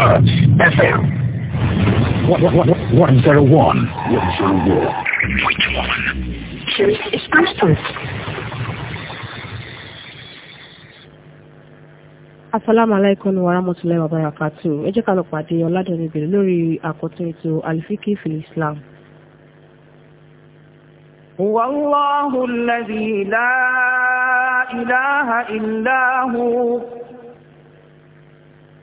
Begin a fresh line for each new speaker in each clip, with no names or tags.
Earth FM. What, what, what, zero one Which one? Choose its person.
Asalaamu alaikum wa rahmatulahi wa barakatuh. Ẹ jẹ́ ká lọ pàdé Ọládùn ìbèrè lórí àkọ́tún ètò Alifiki fil Islam.
هو الله الذي لا إله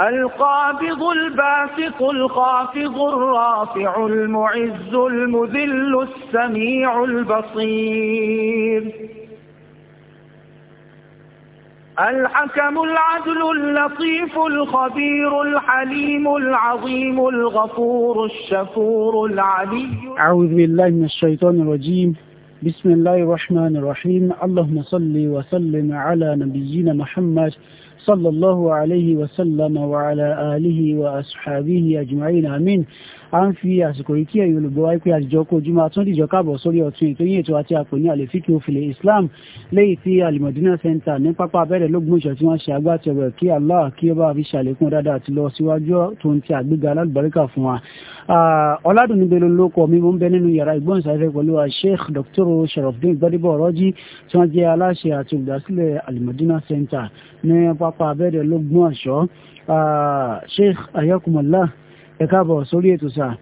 القابض الباسط الخافض الرافع المعز المذل السميع البصير الحكم العدل اللطيف الخبير الحليم العظيم الغفور الشكور العلي
أعوذ بالله من الشيطان الرجيم بسم الله الرحمن الرحيم اللهم صل وسلم على نبينا محمد صلى الله عليه وسلم وعلى آله وأصحابه أجمعين آمين a ń fi àsìkò yìí kí ẹ̀yin olùgbọ́ wáyé pé àdìjọ kó ojúmọ́ àtúndìjọ káàbọ̀ sórí ọ̀tún ètò yìí ètò àti àpò ní àlèfíkì òfìlẹ̀ Islam lẹ́yìn tí alimọ̀dínà center ní pápá abẹ́rẹ́ lógúnmọ̀ṣọ́ tí wọ́n ṣe agbátẹrù kí Allah kí ó bá fi ṣàlékún dáadáa àti lọ síwájú tó ń ti àgbéga alábàríkà fún wa. ọ̀làdùn níbi lóko mi mo ń bẹ nínú yàrá ìgbóhùnsáfẹ́ pẹ̀lú Sheikh Dr. Sharafdin Gbadebo Ọ̀rọ́jì tí wọ́n jẹ́ aláṣẹ àti olùdásílẹ̀ alimọ̀dínà center ní pápá abẹ́rẹ́ ẹ káàbọ̀ sórí ètò sáà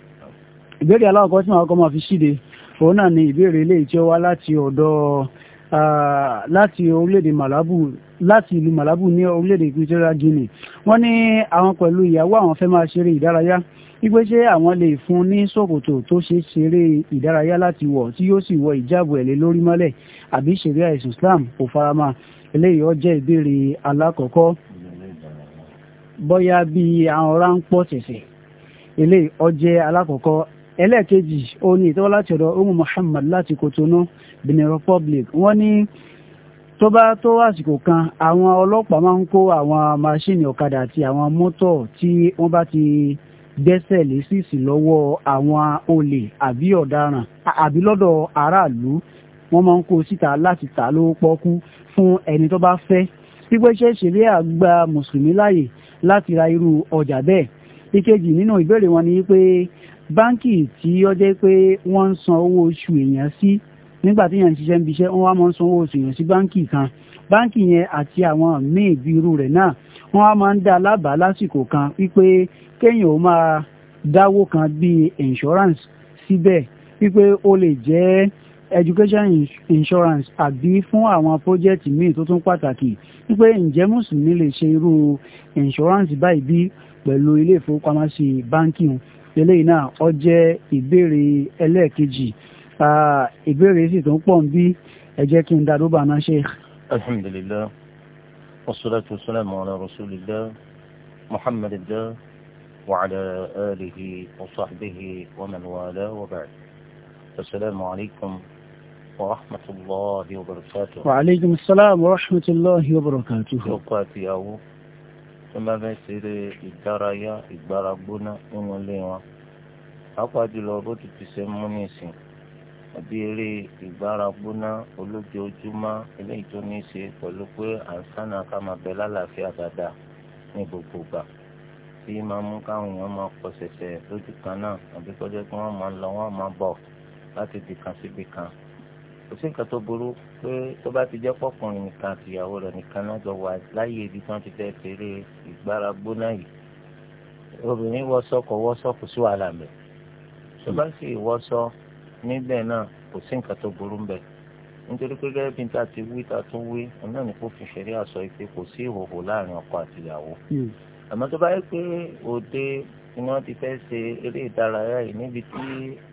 ìbéèrè aláwọ̀kọ́ tí màá kọ́ máa fi ṣíde òun náà ni ìbéèrè eléyìí tí ó wá láti ọ̀dọ̀ láti orílẹ̀-èdè Malabu láti ìlú Malabu ní orílẹ̀-èdè Equatorial Guinea wọ́n ní àwọn pẹ̀lú ìyàwó àwọn fẹ́ máa ṣeré ìdárayá wípé ṣé àwọn lè fún ní ṣòkòtò tó ṣe ṣeré ìdárayá láti wọ̀ tí yóò sì wọ ìjáàbù ẹ̀lẹ́ lórí mọ́lẹ̀ àbí ṣẹ̀ríà ẹ̀sùn Islam kò farama eléyìí ó jẹ́ ìbéèrè alákọ̀ọ́kọ́ bọ́yá bíi àwọn ráńpọ̀ tẹ̀sẹ̀ eléyìí ọjẹ́ alákọ̀ọ́kọ́ ẹlẹ́ẹ̀kejì ó ní ìtọ́wọ́ láti ọ̀dọ̀ umu muhammad láti kotonu benin republic wọ́n ní tó bá tó àsìkò kan àwọn ọlọ́pàá máa ń kó àwọn máṣíìnì ọ̀kadà àti àwọn mọ́tò tí wọ́n bá ti gbẹ́sẹ̀ lé sísì lọ́wọ́ àwọn olè àbí ọ̀daràn àbí lọ́dọ̀ aráàlú wọ́n máa ń kó síta láti tà lówó pọ́kú fún ẹni tó bá fẹ́ pípẹ́ ṣẹ̀ṣẹ̀ rí àgbà mùsùlùmí láàyè láti ra irú ọjà bẹ́ẹ̀ ìkejì nínú ìbéèrè wọn ni pé báńkì tí ó jẹ́ pé wọ́n ń san owó oṣù èèyàn sí nígbà tí èèyàn ń ṣiṣẹ́ ń biṣẹ́ wọ́n wá máa ń san owó oṣù èèyàn sí báńkì kan báńkì yẹn àti àwọn míì bí irú rẹ̀ náà wọ́n á máa ń dá alábàá lásìkò kan wípé kéèyàn ó máa dáwó kan bíi insurance síbẹ̀ wípé ó lè jẹ́ education insurance àbí fún àwọn project míì tó tún pàtàkì wípé ǹjẹ́ mùsùlùmí lè ṣe irú insurance báyìí bí pẹ̀lú ilé ìfowópamọ́sí báńkì wọn eléyìí náà ó jẹ́ ìbéèrè ẹlẹ́ẹ̀kejì ìbéèrè sì tó ń pọ̀ ń bí ẹ kí n dàdó bá náà ṣe.
alhamdulilayi wasalaatu wasalaamu ala rasulilayi muhammadilayi wa ala alihi wa sahbihi wa man wala wa ba'd asalaamu alaykum. ورحمة الله وبركاته
وعليكم السلام ورحمة الله وبركاته
وقاتي tó bá fẹ́ ṣeré ìdárayá ìgbára gbóná nínú ilé wọn pàápàá jùlọ bó ti ti ṣe mú nìsín àbí eré ìgbára gbóná olójoojúmọ́ eléyìí tó ní í ṣe pẹ̀lú pé àǹsánà ká máa bẹ lálàáfíà dáadáa ní gbogbo gbà tí máa mú káwọn èèyàn máa pọ̀ ṣẹ̀ṣẹ̀ lójú kan náà àbí kọjá pé wọ́n máa lọ wọ́n máa bọ̀ láti bìkan síbìkan. Si kò sí nǹkan tó burú pé tó bá ti jẹ́ pọ̀kùnrin nìkan àtìyàwó rẹ̀ nìkan náà jọ wà láyé ibi tí wọ́n ti fẹ́ fèrè ìgbára gbóná yìí obìnrin wọ́sọ kò wọ́sọ kò sí wàhálà mẹ́ tó bá sì wọ́sọ níbẹ̀ náà kò sí nǹkan tó burú mbẹ̀ nítorí pé gẹ́gẹ́ bí n ta ti wí ta tún wí náà ní kó fi ṣẹ̀rí àṣọ ìpè kò sí ìhòòhò láàrin ọkọ àtìyàwó hmm. àmọ́ tó bá yẹ pé òde ni wọ́n ti fẹ́ ṣe eré ìdárayá yìí níbi tí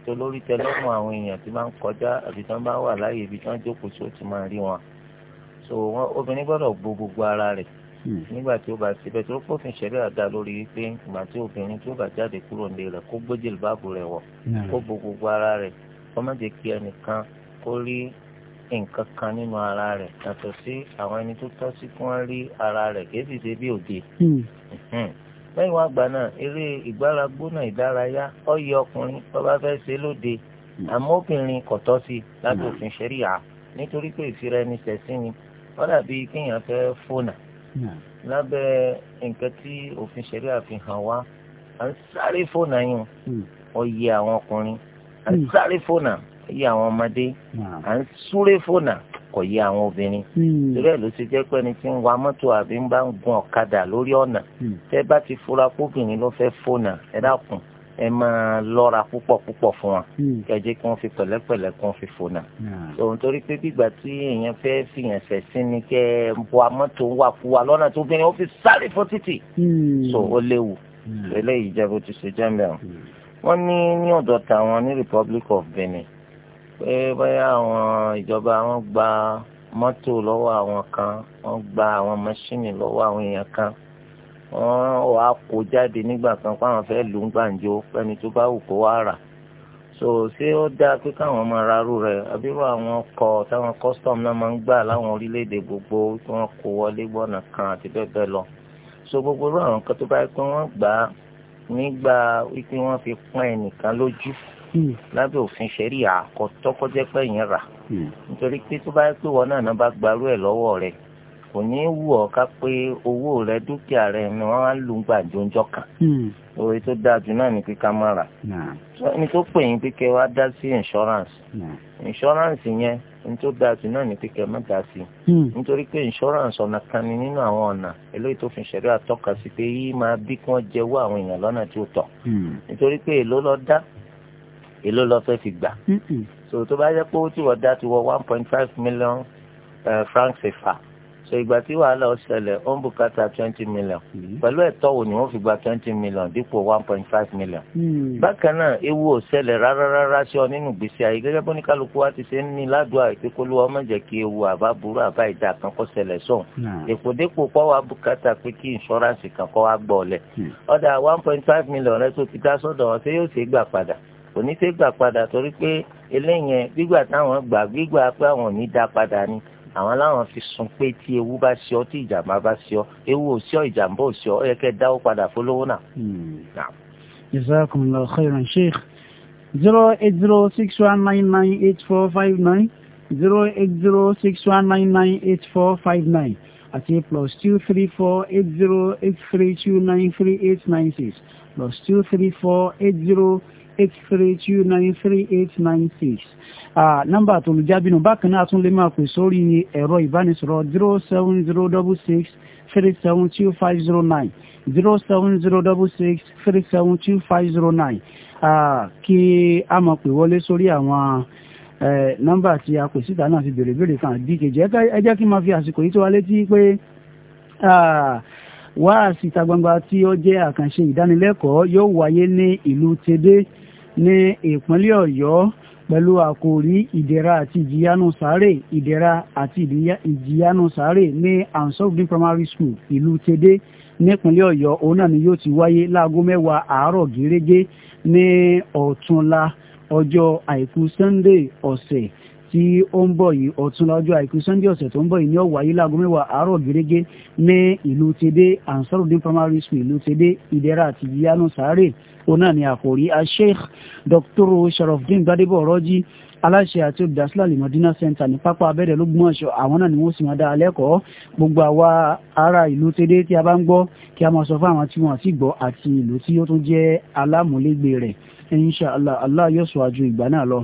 tolórí tẹlẹ́mù àwọn èèyàn ti máa ń kọjá àbí tí wọ́n bá wà láàyè ibi tí wọ́n jókòó sí ó ti máa rí wọn so obìnrin gbọ́dọ̀ gbó gbogbo ara rẹ̀ hmm. nígbà tí ó bá ṣe bẹ́ẹ̀ tó kófin ṣẹlẹ̀ àdá lórí wípé ìgbà tí obìnrin tí ó bá jáde kúrò nílé rẹ̀ kó gbójú ìlúbàbù rẹ̀ wọ̀ hmm. kó bo gbogbo ara rẹ̀ kó má jẹ́ kí ẹnìkan kó rí nǹkan kan nínú ara rẹ̀ yàtọ̀ sí àwọn ẹni tó tọ́ sí kí rí ara rẹ̀ kéèsì ṣe bí òde hmm lẹ́yìn wá gbà náà eré ìgbára gbóná ìdárayá ọyẹ ọkùnrin tó bá fẹ́ ṣe lóde àmọ́ obìnrin kò tọ́ sí láti òfin ṣẹ̀ríà nítorí pé ìfira ẹni ṣẹ̀sìn ni wọ́n dàbí kéèyàn fẹ́ fónà lábẹ́ nǹkan tí òfin ṣẹ̀ríà fi hàn wá à ń sáré fónà yìí ọyẹ àwọn ọkùnrin à ń hmm. sáré fónà ọyẹ àwọn ọmọdé hmm. à ń súré fónà kọ̀ yé àwọn obìnrin hmm. torí ẹ̀ ló ti jẹ́ pé ẹni tí ń wa mọ́tò àbí ń bá ń gun ọ̀kadà lórí ọ̀nà hmm. tẹ́ bá ti fura kóbìnrin ló fẹ́ fónà ẹ dákun ẹ máa lọ́ra púpọ̀ púpọ̀ fún wa hmm. kẹjẹ kí wọ́n fi pẹ̀lẹ́pẹ̀lẹ́ kí wọ́n fi fònà. tòun torí pé gbígbà tí èèyàn fẹ́ fìyàn sẹ̀sí ni kẹ́ ẹ bọ amọ́tò ń wà kú wa lọ́nà tó bẹ̀rẹ̀ ó fi sáré fún títì. so ó léwu eléyìí jẹ́ bó ti ṣe jẹ́ mẹ́rin. wọ́n ní ní ọ̀dọ̀ tàwọn ní Republic of Benin pé bóyá àwọn ìjọba wọn gba mọ́tò lọ́wọ́ àwọn kan wọ́n gba àwọn mọ́ṣíìnì lọ́wọ́ àwọn èèyàn kan wọ́n wàá kó jáde nígbà kan pé àwọn fẹ́ lù ú gbàǹjo fẹ́ni tó bá wù kó wá rà so ṣé ó dáa pé káwọn máa rarú rẹ abirú àwọn ọkọ̀ táwọn custom náà máa ń gbà láwọn orílẹ̀-èdè gbogbo tí wọ́n kó wọlé gbọ́nà kan àti bẹ́ẹ̀ bẹ́ẹ̀ lọ so gbogbo irú àwọn kan tó bá yẹ pé wọ́n gbà á nígbà wípé wọ́n fi pọ́n ẹnìkan lójú Hmm. lábẹ́ òfin ṣẹ̀rí àkọ́ tọ́kọ́jẹ́ pé yẹn rà hmm. nítorí pé tó bá yẹ pé wọn náà náà bá gbarú ẹ̀ lọ́wọ́ rẹ̀ kò ní í wù ọ́ ká pé owó rẹ̀ dúkìá rẹ̀ ni wọ́n á lù gbàjọ ọjọ́ kan òwe hmm. tó dáa jù náà ni pé ká má rà ní tó pè yín pé kẹ́ wá dá sí insurance insurance yẹn ní tó dáa jù náà ni pé kẹ́ má dá sí nítorí pé insurance ọ̀nà kan ni nínú àwọn ọ̀nà eléyìí tó fi ṣẹ̀rí àtọ́ka sí pé yìí máa bí kí wọ́n jẹ́wọ́ àwọn èèyàn lọ́nà tí ó tọ́ nítorí pé èló ló dá èló lọ fẹ́ fi gbà. so tó bá yẹ pé ó ti wọ́n dá ti wọ one point five million uh, francs CFA so ìgbà tí wàhálà ó ṣẹlẹ̀ ó ń bùkátà twenty million mm-hmm. pẹ̀lú ẹ̀tọ́ wo ni wọ́n fi gba twenty million dípò one point five million. Mm-hmm. bákan náà ewu ò ṣẹlẹ̀ rárá rárá sí ọ nínú gbèsè ayé gẹ́gẹ́ bó ní kálukú wa ti ṣe ń ní ládùá ìpínkólú ọmọ jẹ́ kí ewu àbá burú àbá ìdá kan kó ṣẹlẹ̀ sọ̀hún. èkó dépò kọ́ wa bùkátà pé kí insurance kan kọ́ wa gbọ́ ọ lẹ̀. Hmm. ọ̀dà one point five million rẹ tó ti dá sọ́dọ̀ wọn ṣé yóò ṣe é gbà padà kò ní gbà padà torí pé eléyẹn gbígbà táwọn gbà gbígbà pé àwọn ò dá padà ni àwọn láwọn fi sun pé tí ewu bá ṣe ọ tí ìjàmbá bá ṣe ọ ewu ò ṣe ọ ìjàmbá ò ṣe ọ ó yẹ kẹ́ dáwó padà fólówó náà. Hmm.
jazakumullahu khairan sheikh zero eight zero six one nine nine eight four five nine zero eight zero six one nine nine eight four five nine àti plus two three four eight zero eight three two nine three eight nine six plus two three four eight zero eight three two nine three eight nine six nọ́mbà tó lùjábìnú bákan náà tún lè máa pè sórí ẹ̀rọ ìbánisọ̀rọ̀ zero seven zero double six three seven two five zero nine zero seven zero double six three seven two five zero nine kí a máa pè wọlé sórí àwọn nọ́mbà tí a pè síta náà fi béèrè béèrè kan àbí kejì ẹ jẹ́ kí n máa fi àsìkò yìí tó wa létí pé wáàsí ìta gbangba tí ó jẹ́ àkànṣe ìdánilẹ́kọ̀ọ́ yóò wáyé ní ìlú tèdè ní ìpínlẹ̀ ọ̀yọ́ pẹ̀lú àkòrí ìdẹ̀ra àti ìjìyànú sáré ìdẹ̀ra àti ìjìyànú sáré ní ansogbin primary school ìlú tèdè nípínlẹ̀ ọ̀yọ́ òun náà ni yóò ti wáyé láago mẹ́wàá àárọ̀ gẹ́rẹ́gẹ́ ní ọ̀túnla ọjọ́ àìkú sunday ọ̀sẹ̀ tí ó ń bọ̀ yìí ọ̀tún lọ́jọ́ àìkú sunday ọ̀sẹ̀ tó ń bọ̀ yìí ní ọ̀wá yìí láago mẹ́wàá àárọ̀ gẹ́gẹ́ ní ìlú tèdè ansarudin primary school ìlú tèdè ìdẹ́ra àti yíyanu sáré òun náà ni àkòrí asheikh dr sharafdin gbadebo ọ̀rọ́jì aláṣẹ àti olùdásílẹ̀ limadina center ní pápá abẹ́rẹ́ lógúnmọ̀ṣọ́ àwọn náà ni wọ́n sì máa dá alẹ́kọ̀ọ́ gbogbo àwa ará ìlú tèdè tí a bá ń gbọ́ kí a máa sọ fún àwọn tí wọ́n ti gbọ́ àti ìlú tí ó tún jẹ́ alámúlégbè rẹ̀ insha allah allah yóò sọ àjò ìgbà náà lọ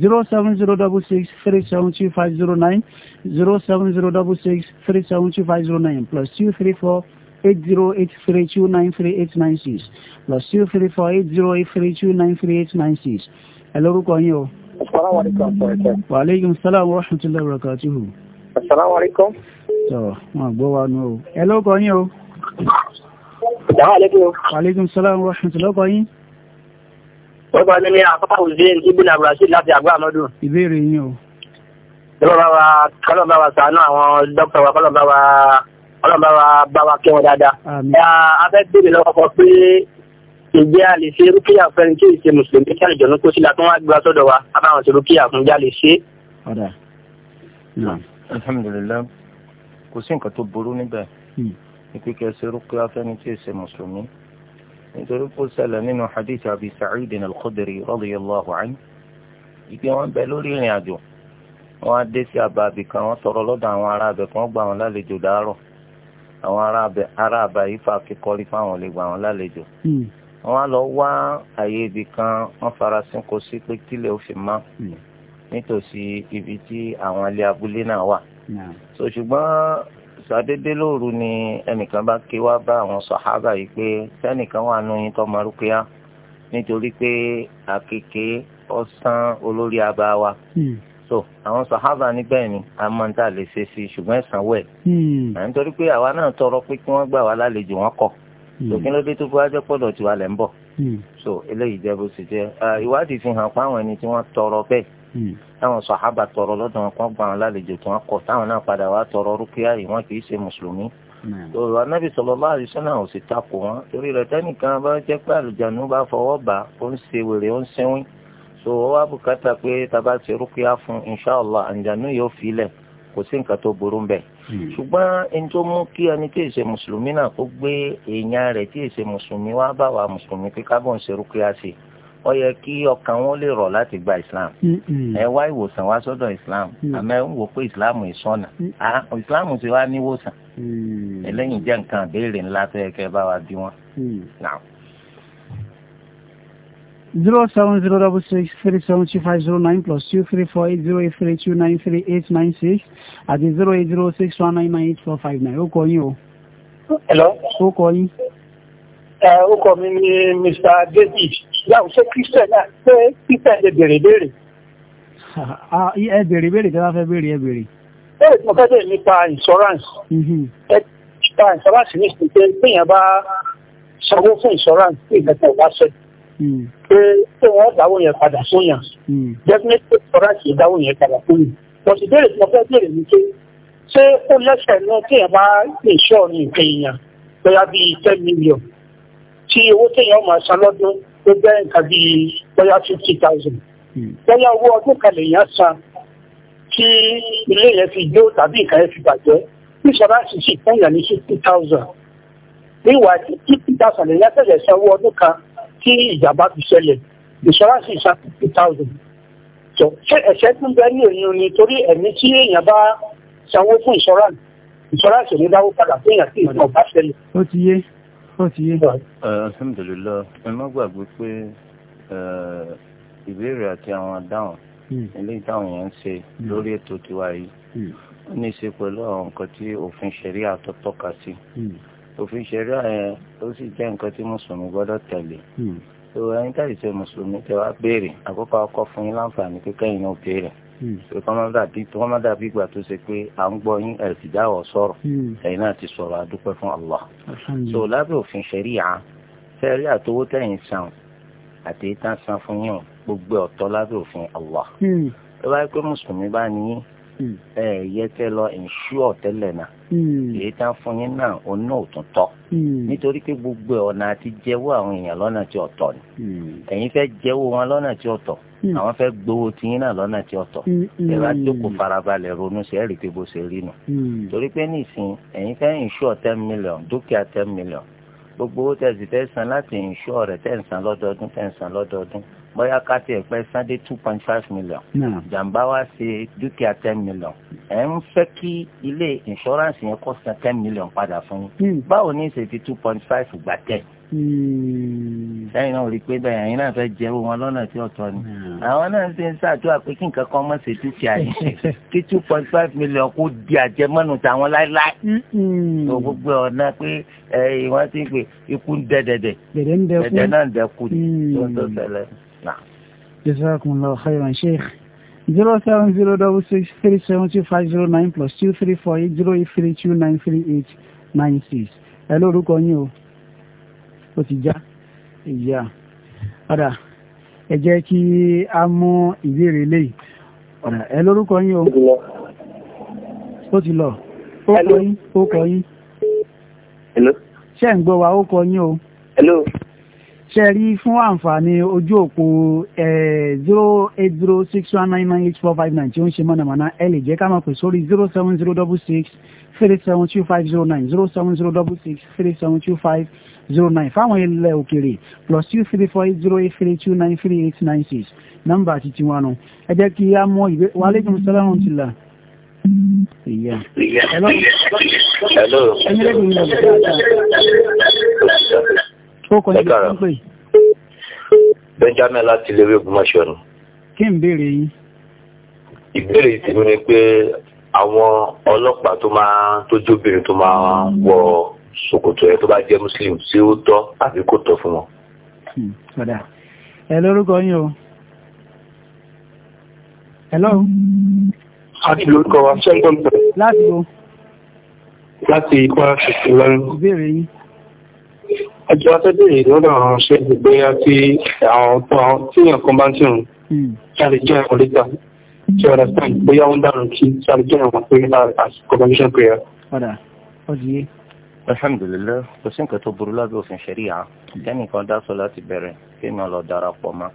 zero seven zero double six three seven two five zero nine zero seven zero double six three seven two five zero nine plus two three four eight zero eight three two nine three eight nine six plus two three four eight zero eight three two nine three eight nine six. ẹ lórúkọ yín o. asalaamualeykum sọ̀rọ̀ wa aleykum salaam wa rahmatulahi wa barakatuhu.
asalaamualeykum.
sọ wọn gbọ́ wa nù o. ẹ lórúkọ yín o. ìdáhà lẹ́kọ̀ọ́. wa salaam wa rahmatulahi wa barakatuhu
wọ́n gbọ́ ní afọ́fà hussein ibn abdulrasheed láti àgbà amadu.
ìbéèrè yín o.
kọ́lọ́mbà wa kọ́lọ́mbà wa ṣàánú àwọn dókítà wa kọ́lọ́mbà wa kọ́lọ́mbà wa bá wa kí wọn dáadáa. a fẹ́ bèèrè lọ́wọ́ kọ pé ìjẹ́ a lè ṣe rúkìá fẹ́ni kí ìṣe mùsùlùmí kí àlejò ní kó sílá tó wá gbé sọ́dọ̀ wa a báwọn ṣe rúkìá fún jálè ṣe.
alhamdulilayi kò sí nǹkan tó burú níbẹ̀ hmm. ní kíkẹ́ ṣe rúkìá fẹ́ni kí ìṣe mùsùlùmí nítorí kó ṣẹlẹ̀ nínú hadith Abi Sa'id al-Khudri radiyallahu anhu ìgbé wọn bẹ lórí ìrìn àjò wọn á dé sí àbá àbí kan wọn tọrọ lọ́dọ̀ àwọn ará abẹ kan gbà wọn lálejò dàárọ̀ àwọn ará àbá yìí fà kíkọrí fáwọn lè gbà wọn lálejò hmm. wọn á lọ wá àyè ibì kan wọn farasin kò sí pé kílẹ̀ ó fi mọ́ hmm. nítòsí ibi tí àwọn ilé abúlé náà wà hmm sàdédé lóru ni ẹnìkan bá ké wá bá àwọn sàhábà yìí pé sẹ́nìkan wà nù yín tó máa rúkúyà nítorí pé àkèké ọ̀sán olórí àbá wa. Hmm so àwọn sahaba ní ni a máa ń tà lè ṣe sí ṣùgbọ́n ẹ̀sán wẹ̀.
Hmm. à ń
torí pé àwa náà tọrọ pé kí wọ́n gbà wá lálejò wọn kọ̀ lókè hmm. lóde tó bá jẹ́ pọ̀dọ̀ tiwa lẹ̀ ń bọ̀. Hmm. so eléyìí jẹ́ bó ṣe jẹ́ ìwádìí fi hàn pé àwọn ẹni tí wọ́n tọrọ bẹ́ẹ̀ Hmm. táwọn sàhábà tọrọ lọ́dọ̀ wọn kàn gbà wọn lálejò tí wọ́n kọ̀ táwọn náà padà wá tọrọ rúkìá yìí wọ́n kì í ṣe mùsùlùmí. ọ̀rọ̀ hmm. anábì sallallahu alaihi wasallam ò sì takò wọn torí rẹ̀ tẹ́nìkan bá jẹ́ pé àlùjánu bá fọwọ́ bà ó ń ṣe wèrè ó ń sẹ́wìn so ó wá bùkátà pé taba ṣe rúkìá fún inṣàlá àlùjánu yóò filẹ̀ kò sí nǹkan tó burú ń bẹ̀. Hmm. ṣùgbọ́n ẹni tó mú kí ẹni tí èsè mùsùlùmí náà kó gbé èèyàn rẹ̀ tí èsè mùsùlùmí wá bá wa mùsùlùmí pé kábọ̀ ń ṣe rúkìá sí i ó yẹ kí ọkàn wọn lè rọ̀ láti gba islam ẹ wá ìwòsàn wá sọ́dọ̀ islam mm. àmọ́ ẹ ń wò pé islam ìsọ̀nà mm. ah, islam ti wá níwòsàn mm. eléyìí jẹ́ nǹkan àbẹ́rẹ́ ńlá tó yẹ kẹ́ bá wa bí wọn.
zero
seven zero double six three seven two five zero nine plus two three four eight zero eight three two nine three eight nine six àti zero eight zero six one nine nine eight four five nine ó kọ yín o. hello. ó kọ yín.
ó kọ mi ní mr david islam ṣé christian náà ṣé christian lè béèrè béèrè.
Ah, ẹ béèrè béèrè tí wọ́n fẹ́ béèrè ẹ béèrè.
bẹ́ẹ̀ tí mo fẹ́ nípa insurance. Mhm. ẹ nípa insurance ní ìsìn pé téèyàn bá sanwó fún insurance tí ìgbẹ́tẹ̀ ò bá ṣe. Mm. pé pé wọ́n dáwó yẹn padà sóyàn. Mm. definitely insurance yẹn dáwó yẹn padà sóyàn. mo sì béèrè tí mo fẹ́ béèrè ní pé ṣé ó lẹ́sẹ̀ náà téèyàn bá insure ní ìpè èèyàn bóyá bíi ten tí owó téèyàn máa san lọ́dún tó jẹ́ nǹkan bíi bóyá fifty thousand hmm. bóyá owó ọdún kan lèèyàn san kí ilé yẹn fi jó tàbí nǹkan yẹn fi bàjẹ́ insurance sì fún yàn ní fifty thousand níwàá tí fifty thousand lèèyàn tẹ̀lé san owó ọdún kan tí ìjàmbá fi ṣẹlẹ̀ insurance san fifty thousand tó ṣé ẹ̀ṣẹ̀ tún bẹ́ẹ̀ ní òyìn ni torí ẹ̀mí tí èèyàn bá sanwó fún insurance insurance ò dáwó padà fún yàn tí ìjàmbá ṣẹlẹ̀. ó ti
yé ó ti yé.
alhamdulilayi ẹ má gbàgbé pé ìbéèrè àti àwọn adáhùn ilé hmm. ìdáhùn yẹn ń ṣe hmm. lórí ètò tiwa yìí hmm. ó ní í ṣe pẹ̀lú àwọn nǹkan tí òfin ṣẹ̀ríà tó tọ́ka sí òfin ṣẹ̀ríà yẹn ó sì jẹ́ nǹkan tí mùsùlùmí gbọ́dọ̀ tẹ̀lé tó ẹni táyì ṣe mùsùlùmí tẹ wá béèrè àkókò ọkọ̀ fún yín láǹfààní kíkẹ́yìn náà béèrè. Hmm. tó má dàbí ìgbà tó ṣe pé à ń gbọ́ yín ẹ̀rì tìjáwọ̀ sọ̀rọ̀ hmm. ẹ̀yin náà ti sọ̀rọ̀ àdúpẹ́ fún Allah so lábẹ́ òfin ṣẹ̀ríà fẹ́ẹ́rí àtowó tẹ̀yìn san àti ìtàn san fún yín gbogbo ọ̀tọ̀ lábẹ́ òfin Allah ẹ hmm. bá yẹ pé mùsùlùmí bá ní Hmm. ẹ yẹ kẹ lọ ìṣúọ tẹ́lẹ̀ náà hmm. èyí tá a fún yín náà òun náà ò tún tọ́ hmm. nítorí pé gbogbo ọ̀nà àti jẹ́wọ́ àwọn èèyàn lọ́nà tí ọ̀tọ̀ ni ẹ̀yin fẹ́ jẹ́wọ́ wọn lọ́nà tí ọ̀tọ̀ àwọn fẹ́ gbowó tiyín náà lọ́nà tí ọ̀tọ̀ ìlà jókòó farabalẹ̀ ronú sí ẹ̀rí pé bó ṣe rí nù torí pé nísìnyí ẹ̀yin fẹ́ ìṣúọ ten million dúkìá ten million gbogbo owó tẹ̀sí fẹ́ san láti ìṣọ́ rẹ̀ tẹ̀ ń san lọ́dọọdún tẹ̀ ń san lọ́dọọdún bóyá káàtì ẹ̀pẹ́ san dé two point five million jàǹbá wá ṣe dúkìá ten million ẹ̀ ń fẹ́ kí ilé ìṣọ́ránsì yẹn kó san ten million padà fún yín hmm. báwo ni ṣe two point five gbà tẹ̀
sẹ́yìn
náà rí i pé bẹ́ẹ̀ ẹ̀yin náà fẹ́ jẹ́ wọn lọ́nà tí ọ̀tọ̀ ni hmm. àwọn náà ti ń ṣàdúrà pé kí nǹkan kan mọ̀ ṣe dúkìá yìí kí two point five million kó di àjẹmọ́nù tàwọn láéláé
tó hmm. gbogbo
ọ̀nà pé wọ́n ti ń pè ikú ń dẹ́ dẹ́dẹ́
dẹ́dẹ́
náà ń dẹ́kù ní hmm. tó ń tó ṣẹlẹ̀ náà.
Jazakumullahu khairan Sheikh zero seven zero double six three seven two five zero nine plus two three four eight zero eight three two nine three eight nine six. ẹ lórúkọ yín o ó ti já ìyá ọ̀dà ẹ jẹ́ kí a mú ìbéèrè lè ọ̀dà ẹ lórúkọ yín o ó ti lọ ó kọ yín ó kọ yín ṣé ń gbọ́ wa ó kọ yín o ṣe rí fún àǹfààní ojú òpó zero eight zero six one nine nine eight four five nine tí ó ń ṣe mọ̀nàmọ́ná ẹ lè jẹ́ ká máa pè sórí zero seven zero double six three seven two five zero nine zero seven zero double six three seven two five zero nine fáwọn ilẹ̀ òkèèrè plus two three four eight zero eight three two nine three eight nine six nọ́mbà àti tiwọn nù ẹ jẹ́ kí á mọ ìwé wa aleykum salaam ti là.
hello. hello. ẹni lẹ́gbẹ̀ẹ́ mi lọ sí àgbà.
ó kọ́ ní ìgbà tó ń pè.
Benjamin láti lè rí Ògbómọ̀ṣọ́ ni.
kí n béèrè yín.
ìbéèrè tèmi ni pé
àwọn ọlọ́pàá tó máa tó jóbìnrin tó máa wọ ṣòkòtò ẹ tó bá jẹ́ muslim sí ó tọ́ àbí kò tọ́ fún wọn.
ọ̀dà hmm, ẹ lórúkọ
yín o. hello. àti lórúkọ wa ṣẹ́gun bẹ̀rẹ̀. láti o. láti kwara ṣèṣe lọ́rùn. ìbéèrè yín.
ọjọ́ afẹ́bẹ̀rẹ̀ lọ́dọ̀ àwọn ṣe gbéyà tí àwọn tó àwọn tí nǹkan bá ń tì rùn. ṣáàlì jẹ́ ẹ̀kọ́ lẹ́tà. ṣé ọ̀dà sáà bóyá ó ń dàrú kí ṣáàlì
jẹ́ ẹ̀wọ̀n pé ní àsìkò convention prayer. ọ̀dà ọ̀dìyẹ alhamdulilayi kò sí nǹkan tó burú lábẹ́ òfin ṣẹ̀ríyà kẹ́nìkan dá sọ láti bẹ̀rẹ̀ kéèyàn lọ darapọ̀ mọ́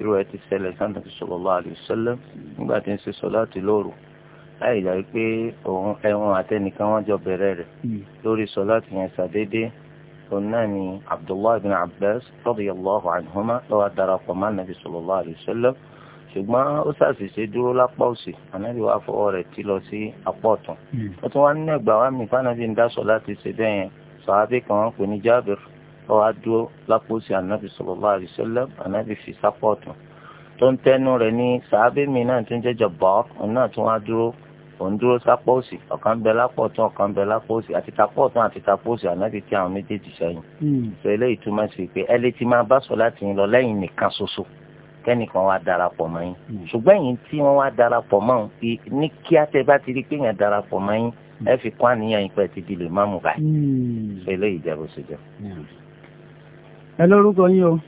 irú ẹ ti ṣẹlẹ̀ sáńtà fi sallallahu alaihi wasallam nígbà tí ń ṣe sọ láti lóru láì dàbí pé òun ẹ̀wọ̀n àtẹnìkan wọ́n jọ bẹ̀rẹ̀ rẹ̀ lórí sọ láti yẹn ṣàdédé òun náà ni abdullahi bin abbas radiyallahu anhuma lọ́wọ́ darapọ̀ mọ́ nàbì ṣùgbọ́n ó ṣàṣìṣe dúró lápá òsì ànábì wá fọwọ́ rẹ̀ ti lọ sí apá ọ̀tún hmm. ó tún wá nínú ẹgbà wá mi fànàbí ń dáṣọ láti ṣe bẹ́ẹ̀ yẹn sàábì kan wọn pè ní jábìr ó wá dúró lápá òsì ànábì sallallahu alaihi wasallam ànábì fi sápá ọ̀tún tó ń tẹnu rẹ̀ ní sàábì mi náà tún jẹ́ Jabbar òun náà tún wá dúró òun dúró sápá òsì ọ̀kan bẹ lápá ọ̀tún ọ̀kan bẹ lápá òsì àti tapá ọ̀tún àti tapá òsì ànábì tí àwọn méjèèjì sẹ́yìn hmm. sọ eléyìí túmọ̀ sí pé ẹ lè ti máa bá sọ láti yín lọ lẹ́yìn nìkan ṣoṣo kẹ́nìkan wá darapọ̀ mọ́ yín hmm. ṣùgbọ́n yìí tí wọ́n wá darapọ̀ mọ́ yín ní kíá tẹ bá ti rí pé yẹn darapọ̀ mọ́ yín hmm. ẹ fi kó àníyàn yín pẹ́ ti di lè má mú báyìí ṣe hmm. eléyìí jẹ́ bó ṣe jẹ́.
ẹ lórúkọ yín o.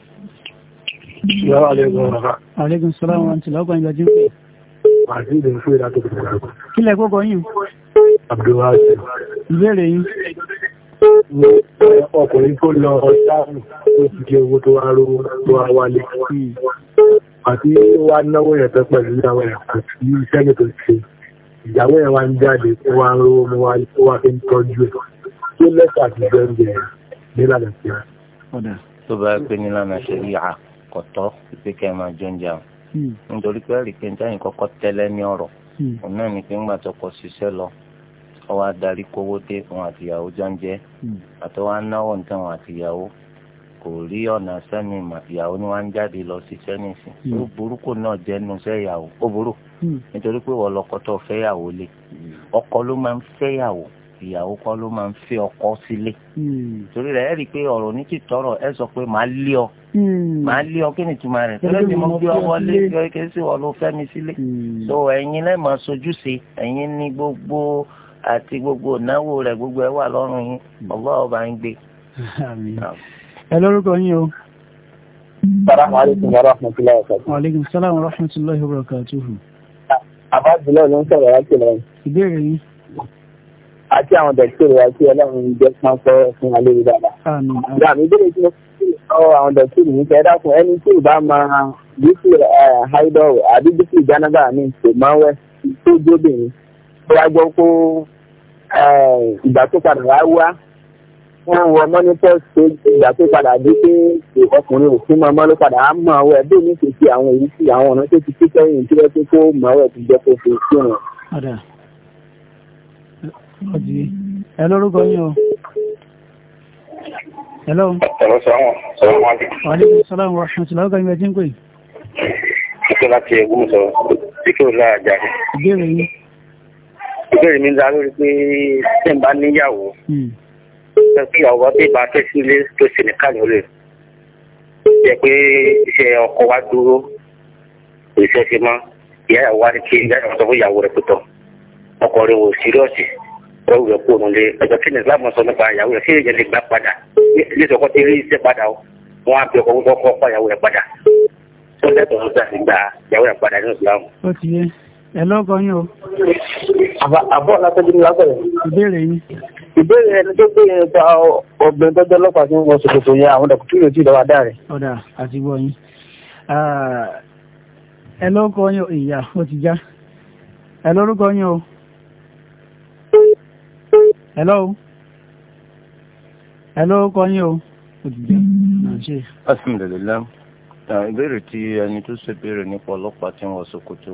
aleykum salaam wa rahmatulah ọgbà ìgbà jíǹkì. àti ìdè fún ìdá tó fi dàgbà. kílẹ̀ gbogbo yín. abdulwasi. ìbéèrè yín
ọkùnrin tó lọ ọ̀sáàrùn tó ti jẹ owó tó wá rówó tó wá wálé àti ó wá náwó yẹn tẹ́ pẹ̀lú ìyàwó ẹ̀ àti iṣẹ́ yẹn tó ṣe ìyàwó ẹ̀ wá ń jáde tó wá rówó mú wá tó wá fi ń tọ́jú ẹ̀ tó lẹ́sà ti gbẹ̀ǹgẹ̀
nílànà sí i.
ọ̀dà tó bá pé nílànà ṣe rí àkọ́tọ́ pé kẹ́ ẹ máa jọ ń jẹun nítorí pé ẹ̀rí pé kọ́kọ́ tẹ́lẹ̀ ní ọ̀rọ̀ hmm. òun náà ni pé ń gbà tọkọ ṣiṣẹ́ lọ ọwọ́ adarí kówó tẹ òun àtìyàwó jọ ń jẹ hmm. àtọwọ́ anáwọ̀ nǹkan òun àtìyàwó kò rí ọ̀nà sẹ́mi ìyàwó ni wọ́n ń jáde lọ sí sẹ́nìsì hmm. ó burúkú náà jẹ́nu sẹ́yàwó ó burú hmm. nítorí pé wọ́n lọ́kọ tó fẹ́yàwó lé ọkọ ló máa ń fẹ́yàwó ìyàwó kọ́ ló máa ń fẹ́ ọkọ sílé torí rẹ̀ ẹ́ rí i pé ọ̀rọ̀ ní ti tọrọ ẹ sọ pé màá lé ọ màá lé ọ kí ni tuma rẹ̀ tẹ́lẹ̀ tí mo gbé ọ wọlé kí ẹ sì wọ́n ló fẹ́ mi sílé so ẹ̀yin lẹ́ẹ̀ máa sojú ṣe ẹ̀yin ní gbogbo àti gbogbo ìnáwó rẹ̀ gbogbo ẹ̀ wà lọ́rùn yín hmm. ọlọ́ ọba ń gbé.
ẹ lórúkọ yín o.
salaamaleykum wa rahmatulahi
wa barakatuhu. waaleykum salaam wa rahmatulahi wa barakatuhu.
àbá jùlọ ló ń sọ̀rọ̀ láti lọ́yìn. ìbéèrè yín. àti àwọn dọ̀kítọ̀rì wa tí ọlọ́run jẹ́ kan sọ fún wa lórí dáadáa. ìyá mi bèrè tí mo sọ àwọn dọ̀kítọ̀rì mi fẹ́ dákun ẹni tí ì bá máa bísí haidọ̀ eh, àbí bísí ìjánaba mi kò máa wẹ̀ tó dóbìnrin bóyá gbọ́ pé eh, ìgbà tó padà wá wá wọ́n wọ mọ́nítọ́ ṣe ìgbà tó padà dé pé ọkùnrin òfin máa mọ́ ló padà á mọ̀ ọ́ ẹ̀ bí mi ṣe fi àwọn èyí sí àwọn ọ̀nà tó ti kí sẹ́yìn tí wọ́n ti kó mọ̀ ọ́ ẹ̀ ti jẹ́ kó fi sí wọn.
ẹ lórúkọ yín o.
Hello. Hello, salamu alaikum. Wa alaikum salam
wa rahmatullahi wa barakatuh.
Ìjọba ti ẹ̀gbọ́n sọ, Bíkẹ́ Ọlá Àjàrí. Ìbéèrè yìí ìbéèrè mi ń darí rí pé tí n bá níyàwó hmm. ṣe pé ìyàwó bá bá fẹ́ sílé tó ṣe nìkan ló lè jẹ́ pé iṣẹ́ ọkọ wa dúró kò ṣe ṣe mọ́ ìyá ìyàwó wa ní kí ìyá ìyàwó sọ fún ìyàwó rẹ̀ pẹ̀tọ̀ ọkọ rẹ̀ wò síríọ̀sì ọ̀rọ̀ rẹ̀ kú òun lé ọjọ́ kí ni Islam sọ nípa ìyàwó rẹ̀ kí èèyàn lè gbà padà ilé ìṣọkọ ti rí iṣẹ́ padà o wọ́n á bí ọkọ wípé ọkọ ìyàwó rẹ̀ padà tó lẹ́tọ̀ọ́ sí àti ìyàwó rẹ̀ padà ní Islam.
ó ti yé ẹ lọ́kọ̀ọ́ yín o
àbọ̀ látọ́jú ní lápẹ̀rẹ̀. ìbéèrè yìí. ìbéèrè ẹni tó gbé yẹn ta ọ̀gbìn tọ́jú ọlọ́pàá tí wọ́n ṣòkòtò yẹn àwọn dàkú kílò tí ìdọ́wà dáa rẹ̀.
ọ̀dà àti gbọ́ yín. ẹ lọ́kọ yín ìyá ó ti já ẹ lórúkọ yín o. ẹ lọ́wọ́ ẹ lórúkọ yín o ó ti já.
alhamdulilayi ìbéèrè tí ẹni tó ṣe béèrè nípa ọlọ́pàá tí wọ́n ṣòkòtò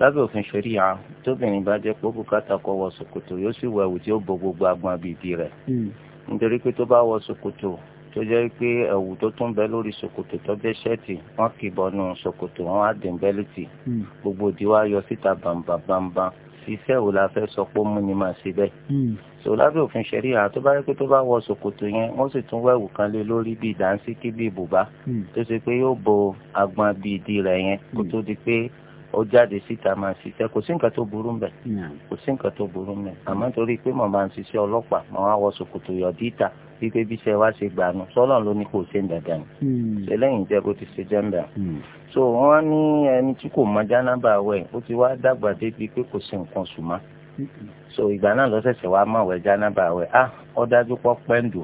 lábẹ́ òfin ṣẹ̀ríà tóbìnrin bá jẹ́ pé bùkátà kó wọ ṣòkòtò yóò sì wọ ẹ̀wù tí ó bo gbogbo agbọn àbìdí rẹ̀ hmm. nítorí pé tó bá wọ ṣòkòtò tó jẹ́ pé ẹ̀wù tó tún bẹ lórí ṣòkòtò tó ṣẹ́ẹ̀tì wọ́n kì í bọnú ṣòkòtò wọn á dín bẹ́lítì hmm. gbogbo òdì wa yọ síta bàǹbàǹbàǹbà iṣẹ́ wo la fẹ́ sọ pé mú ni máa ṣe bẹ́ẹ̀ hmm. so lábẹ́ òfin ṣẹ̀ríà tó bá yẹ pé tó bá wọ ṣòkòtò yẹn wọ́n sì tún wẹ̀wù kan lé lórí bíi dànsíkí bíi bùbá tó ṣe pé yóò bo agbọn bíi ìdí rẹ̀ yẹn kó tó di pé ó jáde síta máa ṣiṣẹ́ kò sí nǹkan tó burú mbẹ̀ kò sí nǹkan tó burú mbẹ̀ àmọ́ torí pé mo máa ń ṣiṣẹ́ ọlọ́pàá mo máa wọ ṣòkòtò yọ̀dí ìta wípé bí iṣẹ́ wa ṣe gbà nù sọ́lọ́n ló ní kò ṣe ń dandan ni hmm. ṣẹlẹ́yìn jẹ́ bó ti ṣe jẹ́ ń bẹ̀. Hmm. so wọ́n ní ẹni tí kò mọ jánábà wẹ̀ ó ti wá dàgbà débi pé kò sí nǹkan sùn mọ́ hmm. so ìgbà náà lọ ṣẹ̀ṣẹ̀ wá mọ̀ wẹ̀ jánábà wẹ̀ ah ó dájú pọ̀ pẹ́ǹdù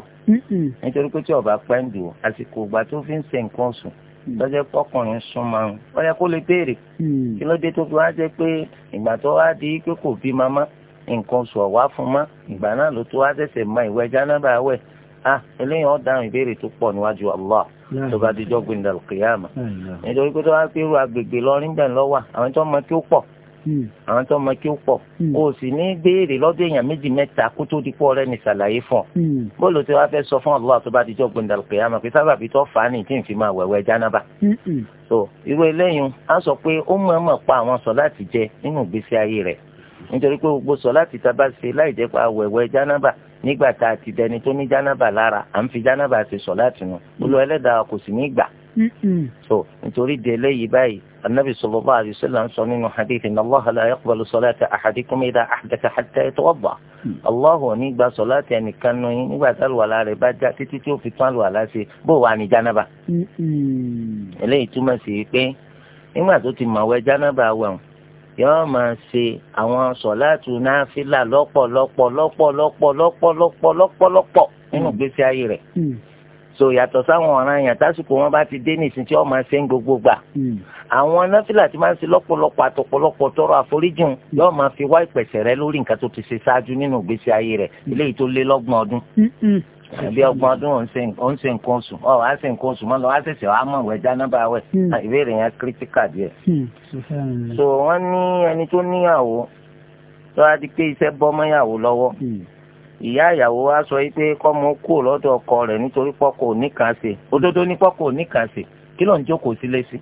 nítorí pé tí ọba pẹ́ǹdù àsìkò ìgbà tó fi ń ṣe nǹkan sùn Hmm. lọ́jọ́ pọ́kùnrin súnmọ́ ọ̀hún wọ́n yẹ kó lè béèrè hmm. kí ló dé tó fi wá jẹ́ pé ìgbà tó wá di pé kò bí mamá nǹkan oṣù ọ̀wá fún mọ́ ìgbà náà ló tó wá wẹ̀ ah eléyìí wọ́n agbègbè lọ́rin bẹ́ẹ̀ àwọn tó mọ kí ó pọ̀ Hmm. àwọn tó mọ kí ó pọ̀ kó hmm. o sì ní béèrè lọ́dọ̀ èèyàn méjì mẹ́ta kó tó di pọ́ rẹ ní sàlàyé fún ọ. Hmm. bóòlù tí wàá fẹ́ sọ fún Allah tó bá di jọ́ gbẹ̀ndàlùpẹ̀ àmọ́ pé sábàbí tó fà á ní tí n fi máa wẹ̀wẹ̀ jánábà. so irú eléyìí á sọ pé ó mọ̀ọ́mọ̀ pa àwọn sọ láti jẹ nínú ìgbésí ayé rẹ̀ nítorí pé gbogbo sọ láti tábà ṣe láì jẹ́ pa wẹ̀wẹ̀ jánábà nígbà tá a ti dẹni tó ní jánábà lára à ń fi jánábà ṣe sọ láti nù olú ẹlẹ́dàá kò sì ní gbà. so nítorí délé yìí báyìí النبي صلى الله عليه وسلم صلى حديث إن الله لا يقبل صلاة أحدكم إذا أحدك حتى يتوضع الله ونيبا صلاة يعني كانوا ينبا تلوى لا رباجة تتتو في تلوى لا سي بو عن جانبا إليه توما سيكي إما توتي ما وجانبا وان yọọ máa ṣe àwọn sọláàtù náfìlà lọ́pọ̀lọpọ̀ lọ́pọ̀lọpọ̀ lọ́pọ̀lọpọ̀ lọ́pọ̀lọpọ̀ lọ́pọ̀lọpọ̀ nínú ìgbésí ayé rẹ̀ so yàtọ̀ sáwọn ọ̀ràn yàn tásìkò wọn bá ti dé nìsín tí wọ́n máa ṣe ń gbogbo gbà. Hmm. àwọn náfìlà tí máa ń ṣe lọ́pọ̀lọpọ̀ àtọ̀pọ̀lọpọ̀ tọrọ àforíjìn yóò máa fi wá ìpẹ̀sẹ̀ rẹ lórí nǹkan tó ti ṣe ṣáájú nínú ìgbésí ayé rẹ̀ hmm. eléyìí tó lé lọ́gbọ̀n ọdún. Hmm, àbí ọgbọ̀n ọdún ò ń ṣe nǹkan oṣù ọ̀ wá ṣe nǹkan oṣù mọ́ lọ wá ṣẹ̀ṣẹ̀ wá mọ̀ wẹ̀ jánábà wẹ̀ ah, ìbéèrè yẹn ìyá ìyàwó wa sọ pé kọ́mọ kú lọ́dọ̀ ọkọ rẹ̀ nítorí pọ́kọ oníkan ṣe òdodo ní pọ́kọ oníkan ṣe kí ló ń jókòó sílé sí.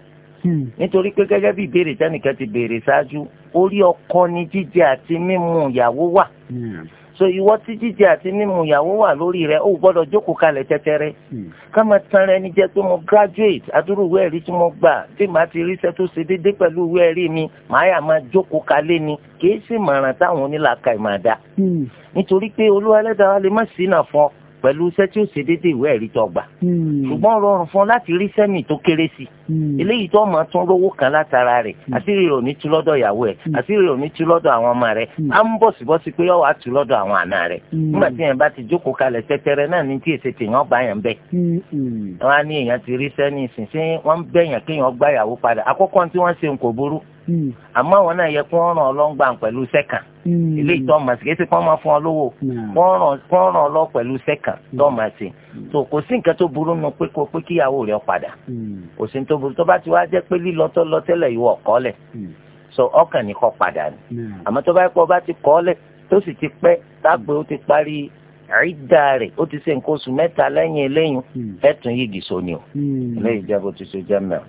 Hmm. nítorí pé gẹ́gẹ́ bí ìbéèrè tẹ́nìkan ti béèrè ṣáájú orí ọkọ ni jíjẹ àti mímu ìyàwó wà. Hmm so ìwọ tí jíjẹ àti mímu ìyàwó wà lórí rẹ ó gbọ́dọ̀ jókòó kalẹ̀ tẹtẹrẹ hmm. ká máa tan rẹ ní jẹ pé mo graduate adúrú ìwé ẹ̀rí tí mo gbà tí màá ti rí iṣẹ́ tó ṣe déédéé pẹ̀lú ìwé ẹ̀rí mi màá yà máa jókòó kalẹ̀ ni kì í sì mọ̀ràn táwọn onílàkà ìmàdá hmm. nítorí pé olúwa ẹlẹ́dàá wa lè má sí náà fún ọ pẹ̀lú iṣẹ́ tí ó ṣe déédéé ìwé ẹ̀rí tó gbà.
Hmm. ṣùgbọ́n
rọrùn fún ọ láti rí sẹ́mì tó kéré sí hmm. eléyìí tó máa tún rówó kan látara rẹ̀ hmm. àṣírí rẹ̀ ní tú ìyàwó ẹ̀ àṣírí rẹ̀ ní tú àwọn ọmọ rẹ̀ á ń bọ̀sibọ́sí pé yọ̀wá tú lọ́dọ̀ àwọn àna rẹ̀. nígbà tí yẹn bá ti jókòó kalẹ̀ tẹ́tẹ́rẹ́ náà ní tí èsè tèèyàn bá yẹn bẹ́ẹ̀. Hmm. àmọ́ àwọn náà yẹ kí wọ́n ràn ọ́ lọ́ngbà pẹ̀lú sẹ́kàn hmm. ilé ìtọ́ màsí kí ẹ ti kọ́ máa fún ọ lówó hmm. wọ́n ràn ọ́ lọ́ pẹ̀lú sẹ́kàn lọ́ọ̀mà sí tó kò sí nǹkan tó burú nu pé kó pé kíyàwó rẹ̀ padà kò sí nǹkan tó burú tó bá ti wá jẹ́ pé lílọ tó lọ tẹ́lẹ̀ ìwọ ọ̀kọ́ lẹ̀ so ọkàn ní kọ́ padà ni àmọ́ tó bá pọ̀ bá ti kọ́ lẹ̀ tó sì ti pẹ́ tágbé ó ti parí àìdá rẹ̀ ó ti ṣe nǹkan oṣù mẹ́ta lẹ́yìn eléyìn ẹ̀tún yìí gìsọ ni o eléyìí jẹ́ bó ti ṣe jẹ́ mẹ́rin.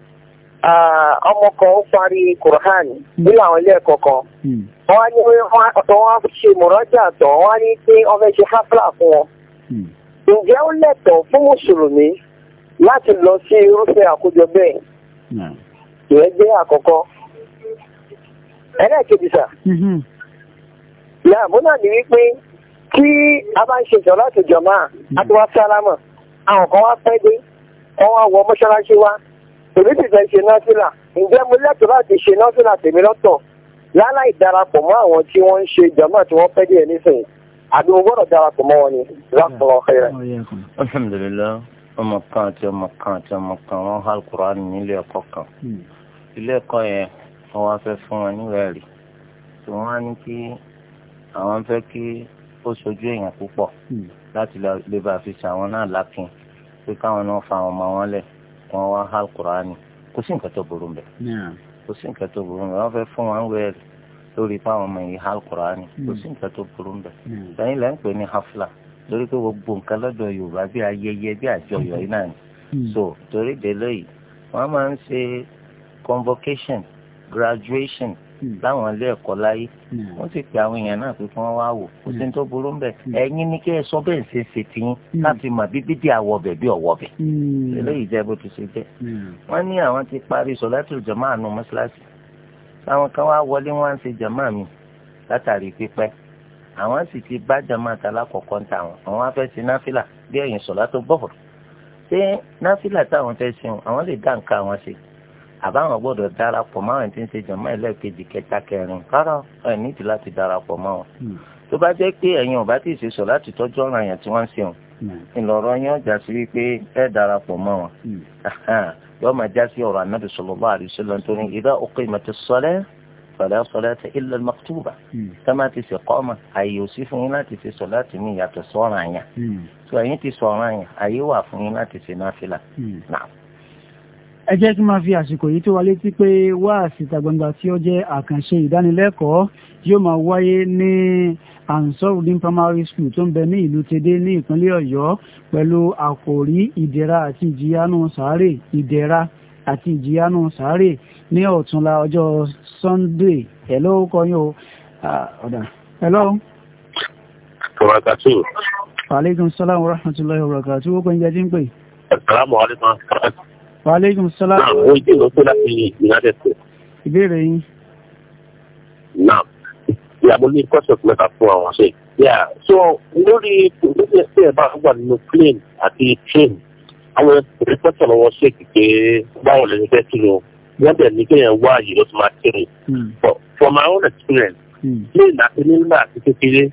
Ah, ọmọ kan parí Quran hmm. nínú àwọn ilé ẹ̀kọ́ kan hmm. wọ́n ní wọ́n ṣe mọ̀rọ́jà tán wọ́n ní pé wọ́n fẹ́ ṣe hafla fún wọn. Hmm. ǹjẹ́ ó lẹ́tọ̀ọ́ fún mùsùlùmí láti lọ sí irúfẹ́ àkójọ bẹ́ẹ̀ ìwé àkọ́kọ́ ẹlẹ́ẹ̀kejì sà náà ní wípé kí a bá ń ṣe ìṣọ̀ láti jọ̀mọ́ àti sálámà àwọn kan wá dé wọ́n wá wọ mọ́ṣáláṣí wá èmi ti fẹ́ ṣe nọ́fìlà ǹjẹ́ mo lẹ́tọ̀ọ́ láti ṣe nọ́fìlà tèmi lọ́tọ̀ láláì darapọ̀ mọ́ àwọn tí wọ́n ń ṣe jàmá tí wọ́n fẹ́ díẹ̀ nísìnyí àbí mo gbọ́dọ̀ darapọ̀ mọ́ wọn ni lápọ̀lọ́ ọ̀hẹ́rẹ́.
alhamdulilayi ọmọ kan àti ọmọ kan àti ọmọ kan wọn há alukur'an nílé ẹ̀kọ́ kan hmm. ilé ẹ̀kọ́ yẹn wọn wá fẹ́ fún wọn níwèé rí tí wọn á ní kí àwọn fẹ́ kí ó sojú èèyàn púpọ̀ hmm. láti lè bá fi ṣàwọn náà lákin pé káwọn náà fa àwọn ọmọ wọn lẹ wọn wá hal kúránì kò sí nǹkan tó burú mbẹ kò sí nǹkan tó burú mbẹ wọn fẹ́ fún wọn wẹ lórí fáwọn ọmọ yìí hal kúránì hmm. kò sí nǹkan tó burú mbẹ sẹ́yìn lẹ ń ní hafla lórí pé gbogbo nǹkan lọ́dọ̀ yorùbá bí ayẹyẹ bí àjọyọ̀ yìí náà ni hmm. so torí délé yìí wọn máa ń ṣe convocation graduation Hmm. láwọn ilé ẹ̀kọ́ láyé hmm. wọ́n sì pe àwọn èèyàn náà pé kí wọ́n wá wò ó sì ń tó burú ń bẹ̀ hmm. ẹ̀yin ní kí ẹ sọ bẹ́ẹ̀ ṣe ṣe ti yín láti mọ̀ bí bídí àwọ̀ bẹ̀ bí ọ̀wọ̀ bẹ̀ eléyìí jẹ́ bó ti ṣe jẹ́ wọ́n ní àwọn ti parí sọ̀látù jàmá àánú mọ́ṣáláṣí táwọn kan wá wọlé wọn á ṣe jàmá mi látàrí pípẹ́ àwọn sì ti bá jàmá àtàlà kọ̀ọ̀kan táwọn àwọn á fẹ́ ṣe náfìlà bí ẹ̀yìn sọ̀látù bọ̀fọ̀ ṣé náfìlà táwọn fẹ́ ṣe àwọn lè dá nǹkan àwọn ṣe àbáwọn gbọ́dọ̀ darapọ̀ mọ́ àwọn tí ń ṣe jàmá ẹlẹ́ẹ̀kejì kẹta kẹrin rárá ẹ nídìí láti darapọ̀ mọ́ wọn. Hmm. tó bá jẹ́ pé ẹ̀yin ọ̀bá tí ì ṣe sọ láti tọ́jú ọ̀ràn àyàn tí wọ́n ń ṣe wọn. ìlọrọ hmm. yẹn ọjà sí wípé ẹ darapọ̀ mọ́ wọn. Hmm. yóò máa já sí ọ̀rọ̀ anábì sallallahu alaihi wasallam nítorí idha uqimatis salah fala salata illa al-maktuba tẹ́lá ti ṣe kọ́ọ̀mà àyè ò sí fún yín láti ṣe sọ láti mí ìyàtọ̀ sọ̀rọ̀ àyàn. tó ẹ̀yin ti sọ̀rọ̀ àyàn àyè wà fún yín láti ṣe náfìlà. náà
ẹ jẹ́ kí n máa fi àsìkò yìí tó wa létí pé wáàsí ìta gbangba tí ó jẹ́ àkànṣe ìdánilẹ́kọ̀ọ́ yóò máa wáyé ní ansorudin primary school tó ń bẹ ní ìlú tèdè ní ìpínlẹ̀ ọ̀yọ́ pẹ̀lú àkòrí ìdẹ̀ra àti ìjìyànú sàárè ìdẹ̀ra àti ìjìyànú sàárè ní ọ̀túnla ọjọ́ sunday hello o ọ̀dà hello. wàhálà aleykum salaam wa rahmatulahi wa barakatuh wọ́n kọ́ ń jẹ́ jí ń pè.
asalaamualeykum.
Wa alaikum salaam. Náà, mo jẹ́
ìrọ́tọ́ láti United States. Ìbéèrè yín. Náà, ìyàbọ̀ ní kọ́sọ̀tù mẹ́ta fún àwọn ṣe. Yà, so lórí lórí ẹsẹ̀ bá wà nínú plane
àti train,
àwọn rìpọ́tà lọ́wọ́ ṣe pé báwọn lè fẹ́ kí lọ. Wọ́n bẹ̀ ní kéèyàn wá yìí ló ti máa kéré. Hmm. But from my own experience, hmm. plane àti nígbà àti kékeré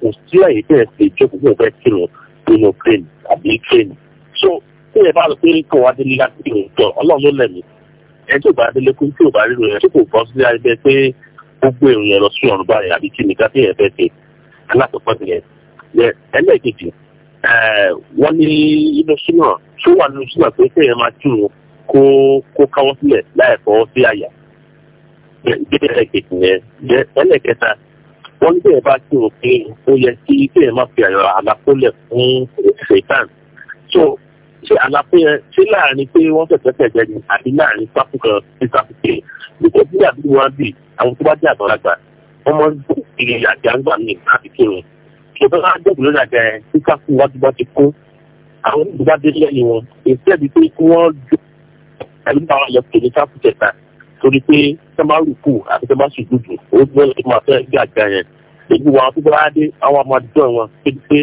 kò sí àyè tẹ̀ ṣe ìjókòó fẹ́ kí lọ nínú plane àbí train. So tí ẹ bá rò pé kò wá délé láti rò tọ ọlọ́run ló lẹ̀mí ẹni tí bá délé kú tí ò bá ríro yẹn tí kò bọ́ sílé ayé pé gbogbo èrò yẹn lọ sí ọ̀run báyìí àbí kí nìkan tí ẹ fẹ́ ṣe alákọ̀ọ́kọ́ nìyẹn ẹlẹ́ẹ̀kejì wọ́n ní inú súnà tó wà nínú súnà pé kéèyàn máa tún un kó kó káwọ́ sílẹ̀ láì fọwọ́ sí àyà ìgbésẹ̀ yẹn ẹlẹ́ẹ̀kẹta wọ́n ní bẹ́ẹ̀ bá tí òfin ó yẹ kí bẹ́ẹ̀ má fi àyọ̀ àlàkólẹ̀ fún ṣètàn ṣé àlàfo yẹn ṣé láàrin pé wọ́n fẹ̀fẹ̀ fẹ̀fẹ̀ ni àbí láàrin sáfù kan sí sáfù kejì nípa bí àbí wọn bì àwọn tó bá jẹ́ àgbàlagbà wọ́n mọ ìrìn àjà ń gbà mí láti kírun ṣùgbọ́n wọ́n á dẹ̀kùn lórí àjà yẹn sí sáfù wájú bá ti kó àwọn oníṣẹ́ bá dé lẹ́yìn wọn èsì ẹ̀bí pé kí wọ́n ju ẹ̀lú àwọn yẹn kò ní sáfù kẹta torí pé tẹ́ bá rù àti tẹ́ bá ó gbọ́dọ̀ tó máa fẹ́ gbé àjà yẹn ibi wọn tó bá dé àwọn ọmọ àdúgbò wọn pé pé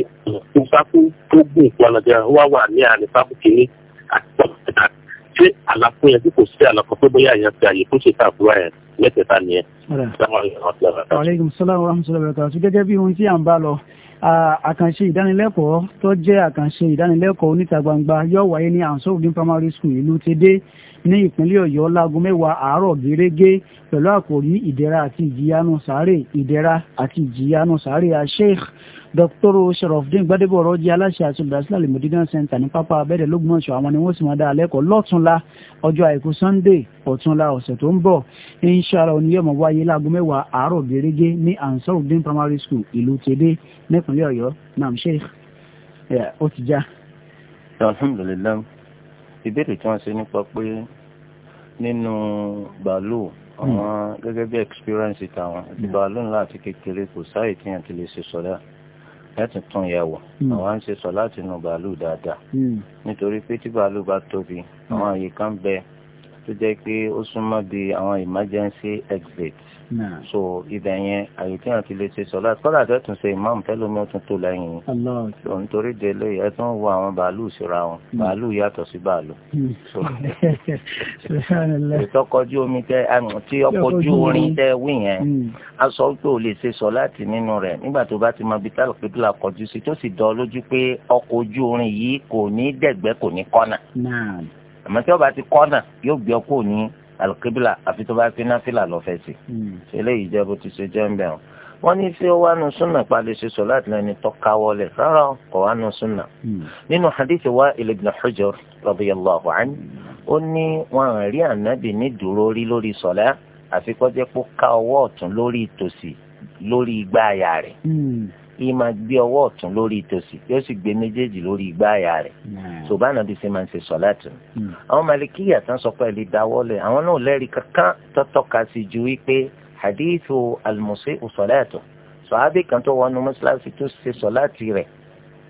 ìfúnpákó tó gùn ìpalọ̀jà wà wà ní àná pákó kìíní àti pọ̀lọ̀jà ṣé àlàfo yẹn tí kò sí àlàfo pé bóyá yẹn fi àyè tó ṣe tá àbúrò yẹn mẹ́tẹ̀ẹ̀ta nìyẹn.
aleykum salaam wa rahmatullahi wa barakatuh gẹ́gẹ́ bí ohun tí à ń bá lọ àkànṣe ìdánilẹ́kọ̀ọ́ tó jẹ́ àkànṣe ìdánilẹ́kọ̀ọ́ oníta gbangba yóò wáyé ní ansarudin primary school ìlú tèdè ní ìpínlẹ̀ ọ̀yọ́ láago mẹ́wàá àárọ̀ gẹ́rẹ́gẹ́ pẹ̀lú àkòrí ìdẹ̀ra àti ìjìyànú sáré ìdẹ̀ra àti ìjìyànú sáré sheikh dr sharafdin gbadebo ọrọjì aláṣẹ àti olùdásílẹ̀ alimọdígán center ní pápá abẹ́rẹ́ lọ́gbọ̀nsọ̀ àwọn ni wọ́n sì máa dá alẹ́kọ̀ọ́ lọ́túnla ọjọ́ àìkú sunday ọ̀túnla ọ̀sẹ̀ tó ń bọ̀ inshallah oníyẹ̀mọ̀ wáyé láago àárọ̀ gẹ́rẹ́gẹ́ ní ansarudin primary school ìlú tèdè nípínlẹ̀ ọ̀yọ́ nam sheikh ó ti já.
alhamdulilayi ìbéèrè tí wọ́n ṣe nípa pé nínú bàálù àwọn hmm. gẹ́gẹ́ bí experience tàwọn hmm. ti bàálù ńlá àti kékeré kò sáàyè tí yàn ti lè ṣe sọ́dá láti tún yẹ̀ wò hmm. àwọn ń ṣe sọ láti nu bàálù dáadáa nítorí pé tí bàálù bá tóbi àwọn àyè kan bẹ́ẹ̀ tó jẹ́ pé ó súnmọ́ di àwọn emergency exit so ibẹ̀ yẹn àyè tí wọ́n ti lè ṣe sọ́lá kọ́lá tó tún ṣe ìmáàmù tẹ́lómi ó tún tó lẹ́yìn yìí so nítorí délé ẹ tún wo àwọn bàálù síra wọn hmm. bàálù yàtọ̀ sí bàálù so ìtọ́kọjú omi tẹ tí ọkọjú orin tẹ wí yẹn hmm. a sọ pé o lè ṣe sọ́lá tì nínú rẹ̀ nígbà tó bá ti mọ ibi tálọ̀ pé bílà kọjú sí tó sì dán lójú pé ọkọ̀ ojú orin yìí kò ní dẹ̀gbẹ́ kò ní kọ́nà àmọ́ tí ọba ti kọ́nà yóò gbé ọkọ ní alùkébìlà àfi tó bá pín náfìlà lọ́fẹ̀ẹ́ sí i hmm. eléyìí jẹ́ bó ti ṣe jẹ́ ń bẹ̀ wọn. wọ́n ní ṣé ó wá nu súnà palẹ̀ ṣe sọ láti lẹ́ni tó káwọ́lẹ̀ rárá kò wá nu súnà. Hmm. nínú hadith Wa'il ibn Hujr radiyallahu anhu ó ní wọn à rí ànábì ní dúró rí lórí sọ̀lá àfikọ́jẹ́ ká ọwọ́ ọ̀tún lórí ìtòsí lórí igbá àyà rẹ̀. Hmm yìí máa gbé ọwọ́ ọ̀tún lórí ìtòsí yóò sì gbé méjèèjì lórí igbá àyà rẹ̀ ṣùgbọ́n hmm. ànábi ṣe máa ń ṣe sọ̀láàtì. Hmm. àwọn malikiya tán sọ pé lè dáwọ́lẹ̀ àwọn náà lẹ́rìí kankan tọ́tọ́ka sí ju wípé hadithu almusii sọ̀láàtì sọ̀hábì kan tó wọnú mọ́ṣáláṣí tó ṣe sọ̀láàtì rẹ̀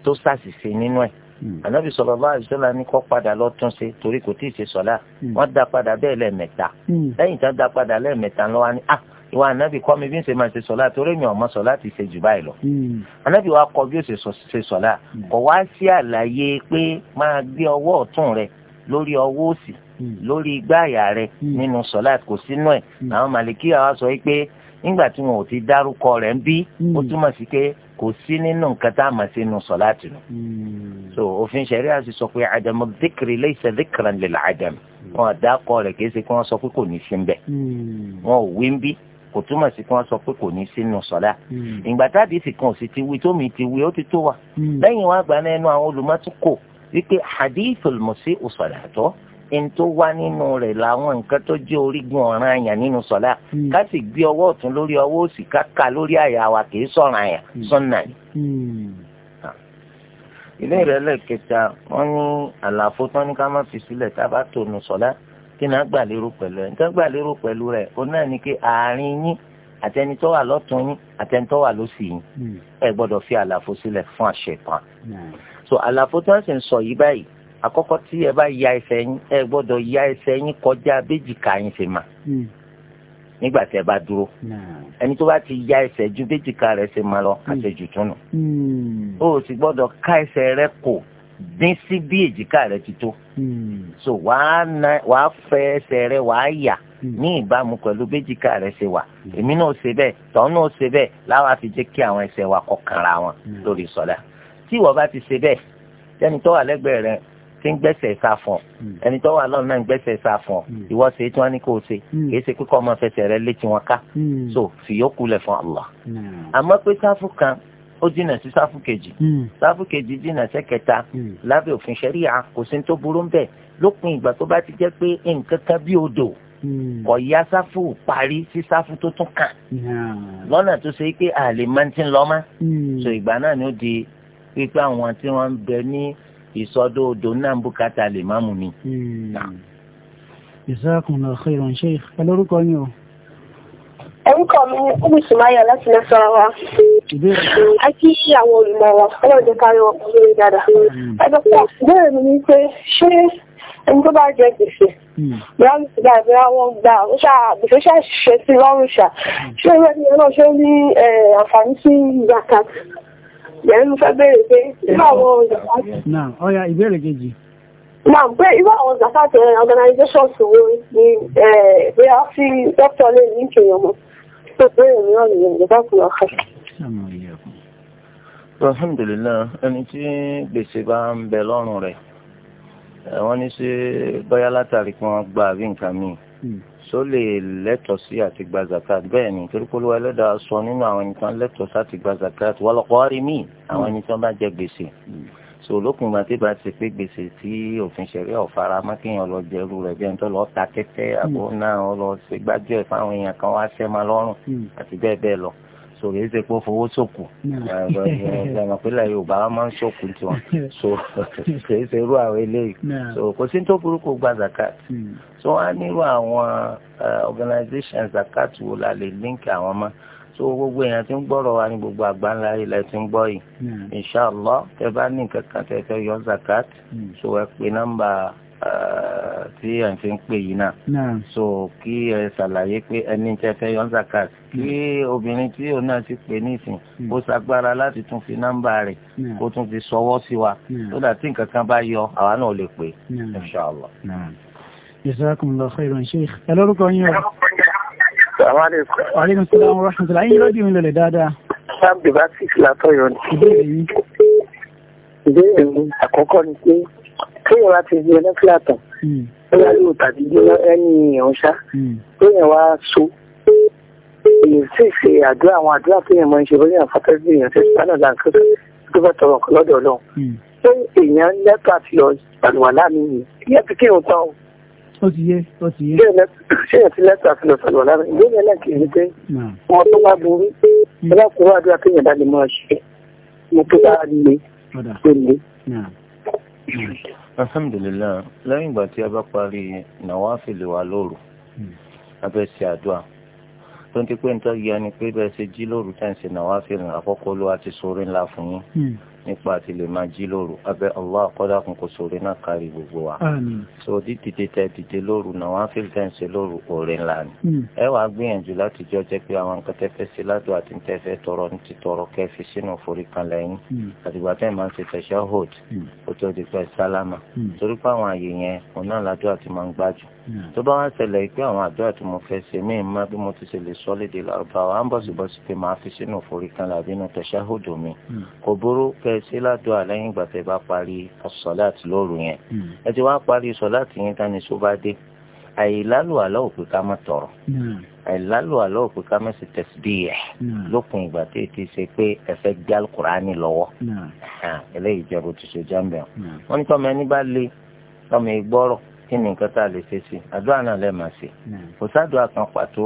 tó ṣàṣìṣe nínú ẹ̀ hmm. ànábì sallallahu alaihi wasallam ní kó padà lọ ṣe torí kò tí ìwà ànábì kọ́ mi bí ń ṣe máa ṣe sọ̀lá torí mi ò mọ sọ̀lá ti ṣe jù báyìí lọ. Hmm. ànábì wa kọ́ bí ó ṣe sọ̀lá hmm. kọ̀ wá sí àlàyé pé máa gbé ọwọ́ ọ̀tún rẹ lórí ọwọ́ òsì hmm. lórí igbá àyà rẹ nínú sọ̀lá kò sínú ẹ̀ àwọn màlìkí àwa sọ pé nígbà tí wọn ò ti dárúkọ rẹ̀ ń bí ó túmọ̀ sí pé kò sí nínú nǹkan tá a máa ṣe nù sọ̀lá tìǹù. so òfin ṣẹ̀rí àti sọ pé àdàmú díkìrì laysa díkìrì lil àdàmú wọn àdàkọ rẹ̀ kì í ṣe kí wọ́n sọ pé kò ní í ṣe ń bẹ̀. wọn ò wí ń bí kò túmọ̀ sí kí wọ́n sọ pé kò ní sínú sọ̀lá hmm. ìgbà tábìlì ti kàn sí ti wí tómi ti wí ó ti tó wa hmm. lẹ́yìn wọn àgbà náà ẹnu àwọn olùmọ́tòkò wípé hadithul musi'u salatuhu ẹni tó wá nínú rẹ̀ làwọn nǹkan tó jẹ́ orígun ọ̀ràn àyàn nínú sọ̀lá hmm. ká sì gbé ọwọ́ ọ̀tún lórí ọwọ́ òsì ká lórí àyà wa kì í sọ̀ràn àyà sọ́nà ni ilé ìrẹ̀lẹ̀ kẹta wọ́n ní àlàfo tán ní ká má fi sílẹ̀ tá a bá tònú sọ̀lá kí náà gbà lérò pẹ̀lú ẹ̀ nítorí gbà lérò pẹ̀lú rẹ̀ òun náà ni pé àárín yín àtẹni tó wà lọ́tún yín àtẹni tó wà lọ́sì yín hmm. ẹ gbọ́dọ̀ fi àlàfo sílẹ̀ fún àṣepàn. Hmm. so àlàfo tí wọ́n sì ń sọ yìí báyìí àkọ́kọ́ tí ẹ bá ya ẹsẹ̀ yín ẹ gbọ́dọ̀ ya ẹsẹ̀ yín kọjá béjìká yín ṣe mà hmm. nígbà tí ẹ bá dúró ẹni tó bá ti ya ẹsẹ̀ ju béjìká rẹ̀ ṣe mà lọ àṣejù túnú. o sì gbọ́dọ̀ ká ẹsẹ̀ rẹ kò dín sí bí èjìká rẹ ti tó hmm. so wàá fẹ ẹsẹ̀ rẹ wàá yà hmm. ní ìbámu pẹ̀lú béjìká rẹ ṣe wà hmm. èmi náà ṣe bẹ́ẹ̀ tọ́hún náà ṣe bẹ́ẹ̀ láwa fi jẹ́ kí àwọn ẹsẹ̀ wa kọkànra wọn lórí sọ́lá tí ìwọ bá ti ṣe bẹ́ẹ̀ ẹni tó wà lẹ́gbẹ̀ẹ́ rẹ ti ń gbẹ́sẹ̀ sá fún ọ ẹni tó wà lọ́nà náà ń gbẹ́sẹ̀ sá fún ọ ìwọ ṣe tí wọ́n ní kó ṣe kì í ṣe kíkọ́ ọmọ fẹsẹ̀ rẹ létí wọn ká so fìyókù lẹ̀ fún Allah àmọ́ pé sáfù kan ó dínà sí sáfù kejì hmm. sáfù kejì dínà sẹ́kẹta hmm. lábẹ́ òfin ṣẹ́ríà kò sí tó burú ń bẹ̀ lópin ìgbà tó bá ti jẹ́ pé nǹkan kan bí odò hmm. kò yá sáfù parí sí sáfù tó tún kàn lọ́nà tó ṣe pé àlè máa ti ń lọ mọ́ so ìgbà náà ni ó di pípé àwọn tí wọ́n ń bẹ ní ìsọdọ̀ odò náà bùkátà lè má mú mi.
ìsáàkùn náà ṣe ìrànṣẹ́ ẹ lórúkọ yín o
orúkọ mi ni Olùsùmáyà láti lè sọ̀rọ̀ wa. a kí àwọn olùmọ̀ wa ọlọ́run kárí wọn kò lórí dáadáa. ẹ jọ pé mi ni pé ṣé ẹni tó bá jẹ gbèsè bóyá gbèsè bóyá wọ́n gbà ó ṣá gbèsè ṣá ṣe sí lọ́rùn ṣá ṣé ìwé ẹni náà ṣé ní àǹfààní sí zakat yẹn mo fẹ́ béèrè pé irú àwọn zakat.
ọya ìbéèrè kejì.
Máa gbé irú àwọn zakat organizations wo ni bóyá sí dókítà lè ní ìkẹyàn mọ́
alhamdulilayi ẹni tí gbèsè bá ń bẹ lọ́rùn rẹ̀ wọ́n ní ṣe bóyá látàrí kí wọ́n gba àbí nǹkan míì tó hmm. lè lẹ́tọ̀ọ́ sí àti gba zakat bẹ́ẹ̀ ni torí ẹlẹ́dàá sọ nínú àwọn ẹni tán lẹ́tọ̀ọ́ sí àti gba zakat wọ́lọ́kọ́ rí míì àwọn hmm. ẹni tán bá jẹ gbèsè. Hmm so lókun ìgbà tí bá ti pé gbèsè tí òfin ṣẹlẹ̀ ọ̀fara mákìyàn lọ jẹrú rẹ̀ bí ẹni tó lọ ta tẹ́tẹ́ hmm. àbò náà ọ lọ ṣe gbájú ẹ̀ fáwọn èèyàn kan wá ṣẹ́ máa lọ́rùn hmm. àti bẹ́ẹ̀ bẹ́ẹ̀ lọ so èyí ṣe pé ó fowó ṣòkù hmm. ẹ̀rọ pílẹ̀ yorùbá wọn máa ń ṣòkù tiwọn so èyí ṣe irú àwọn eléyìí so kò sí tó burúkú gba zakat so wọn á nírú àwọn organizations zakat wo la lè líǹkì àwọn máa so gbogbo èèyàn ti ń gbọ́rọ̀ wa ní gbogbo àgbáńlá ilẹ̀ ti ń gbọ́ yìí hmm. inshallah tẹ bá ní kankan tẹ fẹ́ yọ zakat hmm. so ẹ pe nọ́mbà eh, tí ẹ̀ ń fi ń pè yìí náà so kí ẹ ṣàlàyé pé ẹni tẹ fẹ́ yọ zakat kí hmm. obìnrin tí òun náà ti pè nísìn ó ṣagbára láti tún fi nọ́mbà rẹ̀ kó tún fi ṣọwọ́ sí wa tó dà tí nǹkan kan bá yọ àwa náà lè pè inshallah.
jazakumullahu khairan sheikh ẹ lórúkọ yín o.
Assalamu alaikum. Wa
alaikum salaam wa rahmatullahi. Ayé lọ́dí mi lọlẹ̀ dáadáa.
Sam Devatic látọ̀yọ̀ ni. Ìbéèrè yìí. Ìbéèrè mi àkọ́kọ́ ni pé kéèyàn wá ti di ẹlẹ́fíà tán. Bóyá hmm. yóò tàbí gbé ẹni hmm. èèyàn ṣá. Kéèyàn wá so. Èèyàn sì ṣe àdúrà àwọn àdúrà tó yẹn mọ ìṣe bóyá àfọ́tẹ́ sí èèyàn ṣe sùpánà láǹkó tó bá tọrọ ọ̀kan lọ́dọ̀ Ọlọ́run. Hmm. Ṣé èèyàn lẹ́tọ̀ àti ọ̀
ó ti yé ó ti yé.
ṣé ẹ̀ ti lẹ́tà sí lọ sọ̀rọ̀ lára ìgbéyàwó ẹlẹ́kìn ni pé wọn tó wá borí pé hmm. ẹlẹ́kùnrin àdúrà kéèyàn bá lè máa ṣe mo tó bá
lè
pè mí. alhamdulilayi lẹ́yìn ìgbà tí a bá parí nàwáfìlì wa lóru hmm. abẹ́ ṣe àdúrà tó ń ti pé ń tọ́ yẹ ni pé bẹ́ẹ̀ ṣe jí lóru tẹ̀ ń ṣe nàwáfìlì àkọ́kọ́ ló wá ti sórí ńlá fún yín. Hmm nípa àti lè máa jí lóru abẹ́ Allah kọ́dà kún kò sóore náà kárí gbogbo wa. so dídìde tẹ dìde lóru náà wọn á fi fẹ́ ṣe lóru òòrè ńlá ni. Hmm. ẹ wàá gbìyànjú láti jọ jẹ́ pé àwọn nǹkan tẹ́fẹ́ sí ládùn àti tẹ́fẹ́ tọrọ ní ti tọrọ kẹfì sínú foríkanlẹ̀ yín. Hmm. àtìgbà tẹ́ máa ń ṣe tashahhud hmm. ó tó di pẹ́ sálámà. torí pé àwọn àyè yẹn òun náà ládùn àti máa ń gbájú tó bá wá ṣẹlẹ̀ pé àwọn àdúrà tí mo fẹ́ ṣe mí má bí mo ti ṣe lè sọ léde lárúbáwá à ń bọ̀sibọ̀sì pé màá fi sínú foríkanlẹ̀ àbínú tashahhud mi kò burú kẹ ẹ ṣe ládùúà lẹ́yìn ìgbà tẹ́ bá parí sọ̀láàtì lóru yẹn hmm. ẹ ti wá parí sọ̀láàtì yẹn tani só bá dé àìlálò àlọ́ òpè ká má tọrọ hmm. àìlálò àlọ́ òpè ká má sì tẹ̀síbíyẹ̀ hmm. lópin ìgbà tí èyí ti ṣe pé ẹ fẹ́ gbé alukurani lọ́wọ́ eléyìí jẹ́ bó ti ṣe jáǹbẹ̀ wọn ní tọ́mọ ẹni bá le tọ́mọ ìgbọ́rọ̀ kí ni nǹkan tá a lè ṣe sí àdúrà náà lẹ́ẹ̀ máa ṣe kò sádùá kan pàtó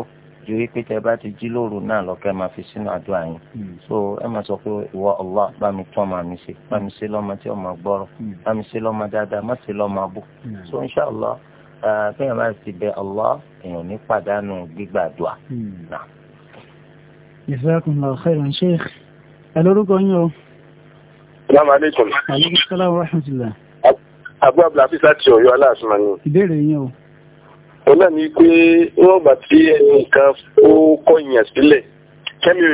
ju wípé tẹ bá ti jí lóru náà lọ́kẹ́ máa fi sínú àdúrà yín hmm. so ẹ máa sọ pé ìwọ Allah bá mi tún ọmọ mi ṣe bá mi ṣe lọ́mọ tí ọmọ gbọ́rọ̀ hmm. bá ṣe lọ́mọ dáadáa má ṣe lọ́mọ abú hmm. so inshallah kéèyàn máa ti bẹ Allah èèyàn ní pàdánù gbígbàdúà náà.
Jazakumullahu khairan Sheikh. Ẹ lórúkọ yín o.
Assalamu alaikum. Aleykum salaam wa rahmatullah. Àbúrò Abdulhafiz láti Ọ̀yọ́ Aláàsùnmọ̀ ni.
Ìbéèrè yín o
òun náà ni pé wọ́n gbà tí ẹnìkan ó kọ̀yìn sílẹ̀ kẹ́mi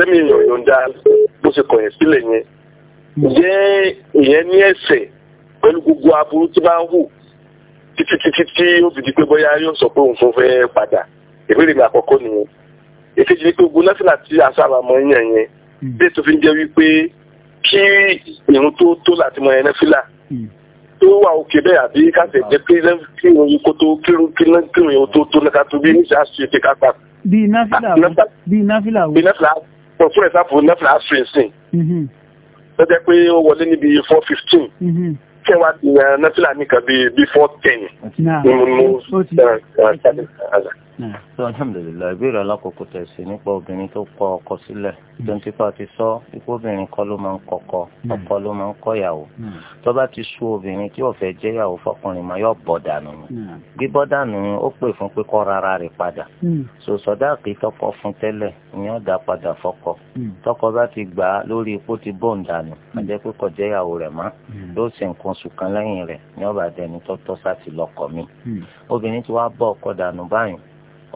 èèyàn yọ̀ǹda bó ṣe kọ̀yìn sílẹ̀ yẹn jẹ́ ìyẹn ní ẹ̀ṣẹ̀ pẹ̀lú gbogbo aburú tí bá ń hù títí títí tí ó fi di pé bóyá yóò sọ pé òun fún fẹ́ padà ìbéèrè mi àkọ́kọ́ nìyẹn èkejì ni pé gbogbo náfìlà tí asára mọ yàn yẹn hmm. bí ètò fi ń jẹ́ wípé kí ìrun tó tó láti mọ yẹn náfìlà hmm tó wà òkè bẹ́ẹ̀ àbí káṣẹ̀ jẹ́ pé kí oyin kó tó kírun kí náà kírun yóò tó tó náà tó bí níṣẹ́ aṣọ ètè kápá. bí náfìlà wo bí náfìlà wo. bí náfìlà wo fún ẹ̀sáfù náfìlà aṣọ ìsìn. ló mm-hmm. jẹ́ pé ó wọlé níbi four fifteen. Mm-hmm. kí wàá eh, náfìlà nìkan bíi four ten
sọ alhamdulilayi ìbéèrè alákòókò tẹ̀sí nípa obìnrin tó kọ ọkọ sílẹ̀ dọ́ńtífà ti sọ ipò obìnrin kọ́ ló máa ń kọ́kọ́ ọkọ ló máa ń kọ́yàwó tó bá ti sú obìnrin tí ó fẹ́ jẹ́yàwó fọkùnrin máa yọ bọ́ dànù ni bíbọ́ dànù ni ó pè fún pé kọ́ rárá rẹ̀ padà hmm. so sọdáàkì tọkọ fún tẹ́lẹ̀ ìyẹn ó dá padà fọkọ hmm. tọkọ bá ti gbà á lórí ipò ti bọ́ọ̀n dànù àjẹ́ hmm. pé kò jẹ́yàwó rẹ̀ mọ́ yóò sì nǹkan oṣù kan lẹ́yìn rẹ̀ ní ọ̀bàdàn ẹni tó tọ́ sá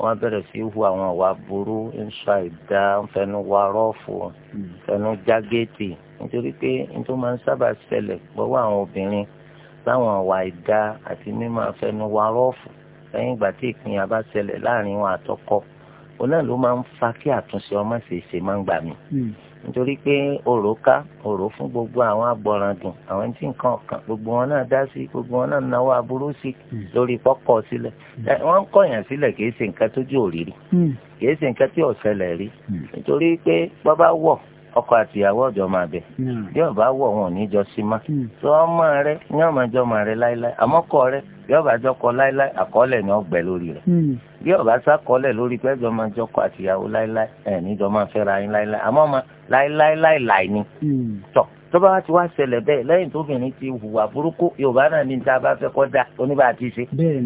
wọ́n bẹ̀rẹ̀ sí hu àwọn ọ̀wà burú ń sọ àìdá ń fẹnu wa rọ́ọ̀fù hmm. fẹnu já géètì nítorí pé nítorí máa ń sábà ṣẹlẹ̀ gbọ́wọ́ àwọn obìnrin láwọn ọ̀wà àìdá àti mímọ́ fẹnu wa rọ́ọ̀fù lẹ́yìn ìgbà tí ìpínyà bá ṣẹlẹ̀ láàrin wọn àtọkọ òun náà ló máa ń fa kí àtúnṣe ọmọ ṣèṣe máa ń gbà mí. Hmm nítorí pé òrò ká òrò fún gbogbo àwọn abọ̀ràndùn àwọn tí nǹkan kan gbogbo wọn náà dá sí gbogbo wọn náà náwó aburú sí hmm. lórí pọ́kọ̀ sílẹ̀ hmm. wọ́n ń kọ̀yàn sílẹ̀ kì í ṣe nǹkan tójú òrìrì hmm. kì í ṣe nǹkan tí ò ṣẹlẹ̀ rí nítorí pé bọ́bá wọ̀ ọkọ àtìyàwó ọjọ máa bẹ hmm. bí ọba wọ wọn ò ní jọ sí ma tí wọn mọ rẹ ní ọmọ jọ máa rẹ láéláé àmọ́ kọ rẹ bí ọba jọ kọ láéláé àkọọlẹ ni ọgbẹ lórí rẹ hmm. bí ọba sákọọlẹ lórí pé jọ máa jọ kọ àtìyàwó láéláé ẹ níjọ máa fẹ́ra yín láéláé àmọ́ ọmọ láéláé láéláé ni hmm. tọ tọ́ba ti wá ṣẹlẹ̀ bẹ́ẹ̀ lẹ́yìn tóbìnrin ti hùwà burúkú yorùbá náà ní tá a bá fẹ́ kọ́ da oníbà ti ṣe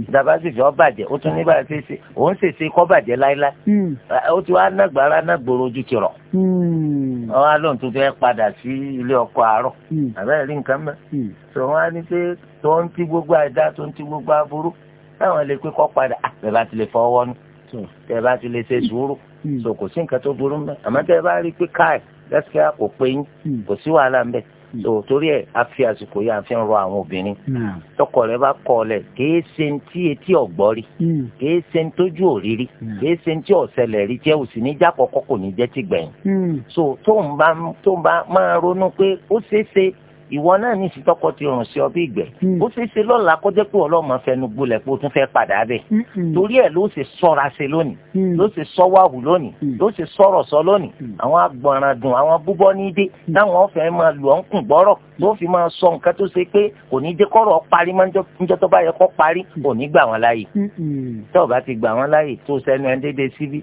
ìjàmbá sì fẹ́ ọ́bàjẹ́ ó tún níbà ṣe ṣe òun sì ṣe kọ́bàjẹ́ láíláí hmm. ó ti wá nágbára náà gbòòrò ojú ti rọ̀
hmm. wọn
á lóun tó fẹ́ padà sí ilé ọkọ àárọ̀ hmm. àbẹ́rẹ́ rí nǹkan mẹ́ tó wọn á ní pé tó ń ti gbogbo àìdá tó ń ti gbogbo aburú táwọn lè pé kọ́ padà ah, bẹ́ẹ̀ bá ti lè fọwọ́ nù bẹ́ẹ̀ bá ti lè ṣe sùúrù so nǹkan tó burú mẹ́ àmọ́ tẹ́ ẹ bá rí pé káì gaskiya kò pé yín hmm. kò sí wàhálà ń bẹ hmm. so torí ẹ a fi àsìkò yìí à ń fi rọ àwọn obìnrin hmm. tọkọ rẹ bá kọ lẹ kìí ṣe ń etí ọgbọ rí kìí ṣe tójú òrírí kìí ṣe ń ọ̀sẹ̀lẹ̀ rí jẹ́ òsì ní já kọ́kọ́ kò ní jẹ́ ti gbẹ̀yìn so tó ń bá máa ronú pé ó ṣeé ṣe ìwọ náà ní ìsìtọ́kọ ti rùn sí ọ bí ìgbẹ́ hmm. ó ṣeé ṣe lọ́la kó jẹ́ pé ọlọ́mọ fẹnu gbolẹ̀ pé o tún fẹ́ padà bẹ̀ hmm, hmm. torí ẹ̀ ló ṣe sọ́ra ṣe lónìí ló ṣe sọ́wáhù lónìí ló ṣe sọ̀rọ̀ sọ lónìí àwọn agbọ̀nràn dùn àwọn búbọ́ ní dé táwọn ọ̀fẹ́ máa lù ọ́ ń kùn gbọ́rọ̀ tó fi máa sọ nǹkan tó ṣe pé kò ní jẹ́ kọ́rọ̀ parí máa ń jọ tó bá yẹ kó parí kò ní gbà wọ́n láàyè tó o bá ti gbà wọ́n láàyè tó sẹ́nu ẹni déédéé síbí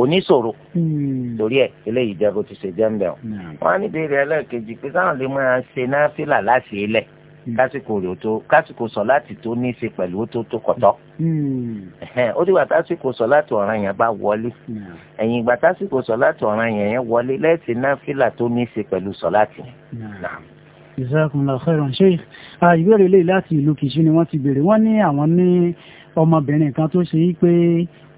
kò ní sọ̀rọ̀ torí ẹ̀ eléyìí jẹ́ kó ti ṣe jẹ́ ń bẹ̀ ọ́. Hmm. wọ́n á ní ìbéèrè ẹlẹ́ẹ̀kejì pé sáwọn lè máa ṣe náfìlà láti ilẹ̀ hmm. kásìkò rè tó kásìkò sọ láti tó ní í ṣe pẹ̀lú ó tó tó kọ̀tọ́.
Hmm.
ó dìgbà tásìkò sọ láti ọ̀ràn yẹn bá wọlé ẹ̀yìn ìgbà tásìkò sọ láti ọ̀ràn yẹn yẹn wọlé lẹ́sìn náfìlà tó ní í ṣe pẹ̀lú sọ láti.
ìsirakunlá ọ̀hẹ́rọ̀ ṣe ìbéèrè lè láti ìlú kìsí ni wọ́n ti béèrè wọ́n ní àwọn ní ọmọbìnrin kan tó ṣe yí pé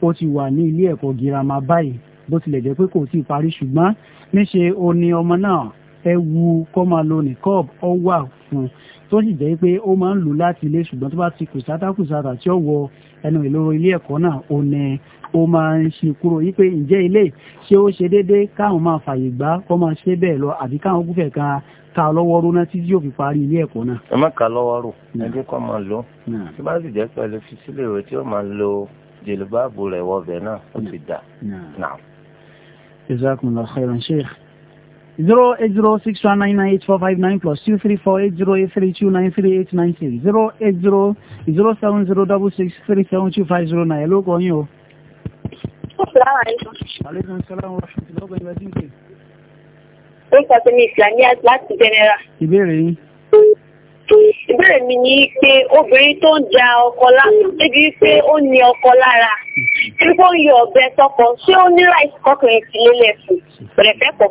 ó ti wà ní ilé ẹ̀kọ́ girama báyìí bó tilẹ̀ jẹ́ pé kò tí ì parí ṣùgbọ́n níṣe o ní ọmọ náà ẹ wu kọ́ máa lo nìkọ́ọ̀bù ọ wà fún un tó sì jẹ́ pé ó máa ń lò láti ilé ṣùgbọ́n tó bá ti kùsátàkùsátà tí ó wọ ẹnu ìlò ilé ẹ̀kọ́ náà ò ní ó máa ń ṣe kúrò yí pé ǹjẹ́ ilé ṣé ó ṣe déédéé káwọn máa fàyè gbà kó máa ṣe bẹ́ẹ̀ lọ àbí káwọn kúfẹ̀ kan ka lọ́wọ́ rú náà títí yóò fi parí ilé ẹ̀kọ́ náà. ẹ má
ka lọ́wọ́ rò hmm. ẹ jẹ́ máa lò hmm. tí bá sì jẹ́ pẹ̀lú fisílẹ̀ rẹ tí ó máa lo jèlúbáàbù rẹ̀ wọbẹ̀ náà ó ti dà. Hmm.
jazakumullahu khairan sheikh zero eight zero six one nine nine eight four five nine plus two three four eight zero eight three two nine three eight nine six zero eight zero zero seven zero double six three seven two five zero nine Hello, kọ́ yín o.
aleykum
salaam wa rahmatulah ọgbẹ́ni wa dínkì. ó sọ pé ní láti general. ìbéèrè yín. ìbéèrè mi ni pé obìnrin tó ń ja ọkọ lára débi pé ó ní ọkọ lára tí ó ń yọ ọ̀bẹ sọ́kọ ṣé ó ní láìsí kọkùnrin sílé lẹfún pẹ̀lẹ́fẹ́ pọ̀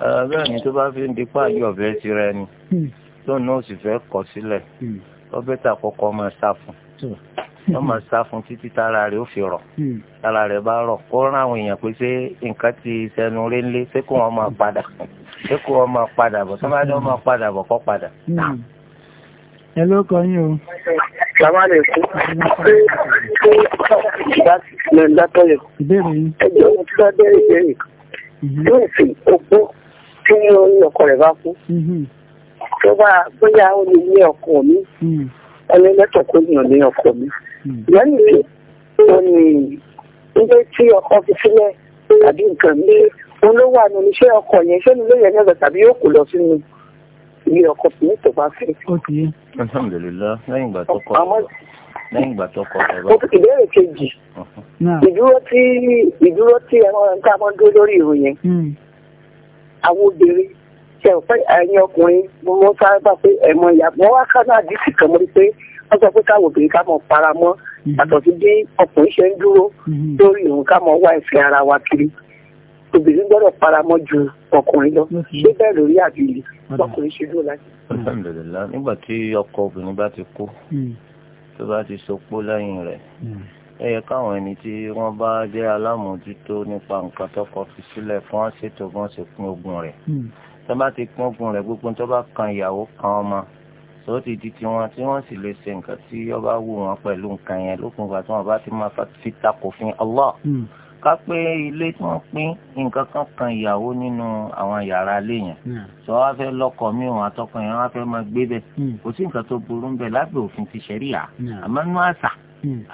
bẹ́ẹ̀ ni tó bá fi ń dipá yí ọ̀bẹ ti rẹ ni hmm. tóun náà sì fẹ́ kọ̀ sílẹ̀ ọbẹ̀ hmm. tà kọ́kọ́ máa sá fún wọ́n máa sá fún títí tára rẹ̀ ó fi rọ̀ hmm. tára rẹ̀ bá rọ̀ kó rán àwọn èèyàn pé ṣé nǹkan ti sẹnu rẹ̀ ń lé ṣé kó wọ́n máa padà ṣé kó wọ́n máa padà bọ̀ tó bá dé wọ́n máa padà bọ̀ kó padà.
ẹ ló kọ yín o.
bàbá rẹ̀ kú ṣé ṣé
ìdájọ́ yẹn. ìbéèrè
yín.
ẹjọ́ ìdájọ́ yẹn lóòfin opó tí orí ọkọ rẹ̀ bá kú mm-hmm. tó bá bóyá ó lè ní ọkọ mi ẹni mm. lẹ́tọ̀ kó yàn ní ọkọ mi lẹ́yìn mm. tí ó ní ilé tí ọkọ fi sílẹ̀ tàbí nǹkan mi olówó àná oníṣẹ́ ọkọ yẹn ṣé nílé yẹn lọ́dọ̀ tàbí yóò kó
lọ sínú ilé ọkọ tí yóò tó bá fẹ́. ó ti yé alhamdulilayi lẹ́yìn ìgbà tó kọ lẹ́yìn ìgbà tó kọ ọ̀rọ̀. ìbéèrè kejì
uh-huh.
ìdúró tí
ìdúró tí ẹ̀rọ nǹkan amọ́dúró lórí ìròyìn hmm. àwọn obìnrin ṣe ò pẹ́ ẹ̀yin ọkùnrin mo mọ sáré bá pé ẹ̀mọ ìyá wọn wá ká náà dísì kan mo rí pé wọ́n sọ pé káwọn obìnrin ká mọ̀ para mọ́ hmm. yàtọ̀ sí bí ọkùnrin ṣe ń dúró hmm. lórí ìrùn ká mọ̀ wá ẹ̀sìn ara wa kiri obìnrin gbọ́dọ̀ faramọ́ ju ọkùnrin lọ ṣé bẹ́ẹ̀ lórí
àbílẹ̀ ọkùnrin ṣe dúró láti. alhamdulilayi nígbà tí ọkọ obìnrin bá ti kú hmm. tó bá ti sopó lẹ́yìn rẹ̀ hmm. ẹ yẹ káwọn ẹni tí wọ́n bá jẹ́ alámòójútó nípa nǹkan tọkọ fi sílẹ̀ fún ṣètò bí wọ́n ṣe pín ogún rẹ̀ hmm. tó bá ti pín ogún rẹ̀ gbogbo tó bá kan ìyàwó kan ọmọ tó ti di tiwọn tí wọ́n sì lè ṣe nǹkan tí ó bá wù wọ́n pẹ̀lú nǹkan yẹn lókun ìgbà tí wọ́n bá ti máa fi takò fún Allah. Mm ká pé ilé tí wọ́n pín nǹkan kan kan ìyàwó nínú àwọn yàrá ilé yẹn hmm. sọ wá fẹ́ lọ́kọ mi òun àtọkọ yẹn wá fẹ́ máa gbé bẹ̀ hmm. kò sí nǹkan tó burú bẹ̀ lábẹ́ òfin ti ṣẹ̀ríà hmm. àmọ́ nú àṣà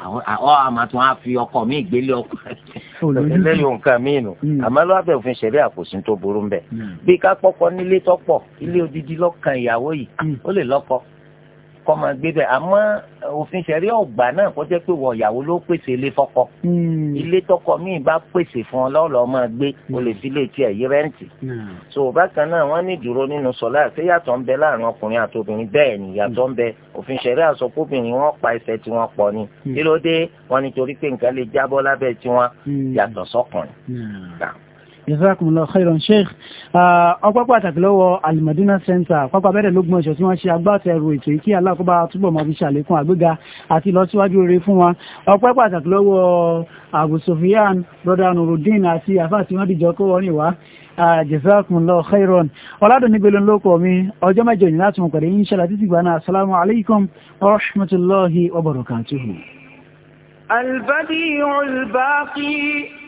àwọn àmà tí wọ́n á fi ọkọ mi ìgbélé ọkọ lẹ́yìn nǹkan mi nù àmọ́ lábẹ́ òfin ṣẹ̀ríà kò sí tó burú bẹ̀ bí ká nílé tọ́pọ̀ ilé odidi lọ́kàn ìyàwó yìí ó lè lọ́kọ kọ́ máa gbé bẹ́ẹ̀ àmọ́ òfin ṣẹ̀rí ọ̀gbà náà kó jẹ́ pé wọ ìyàwó ló pèsè ilé fọ́kọ.
Hmm. ilé
tọkọ míì bá pèsè fún ọ lọ́ọ̀lọ́ máa gbé o lè fi lè tiẹ̀ yí rẹ́ǹtì. Hmm. so bákan náà wọ́n ní ìdúró nínú sọ̀lá àti yàtọ̀ ń bẹ láàrin ọkùnrin àti obìnrin bẹ́ẹ̀ ni yàtọ̀ ń bẹ òfin ṣẹ̀rí àsọkóbìnrin wọ́n pa ẹsẹ̀ tí wọ́n pọ̀ ni hmm. kí ló dé wọ́n nítorí pé nǹkan lè jábọ́ lábẹ́ tiwọn yàtọ̀ sọ́kùnrin
jazakumullahu khairan sheikh uh, ọpẹ́ pàtàkì lọ́wọ́ alimadina center pápá abẹ́rẹ́ lógún ọ̀ṣọ́ tí wọ́n ṣe agbátẹrù ètò ìkí alákọ́bá túbọ̀ máa fi ṣàlékún àgbéga àti ìlọsíwájú rere fún wa ọpẹ́ pàtàkì lọ́wọ́ uh, abu sofiyan brother nurudin àti afa tí wọ́n dìjọ kó wọ́n ìwá uh, jazakumullahu khairan ọ̀làdùn níbi lóko mi ọjọ́ mẹ́jọ ní láti mọ̀ pẹ̀lú inshallah títí gbaná assalamu alaikum wa rahmatullahi wa
البديع الباقي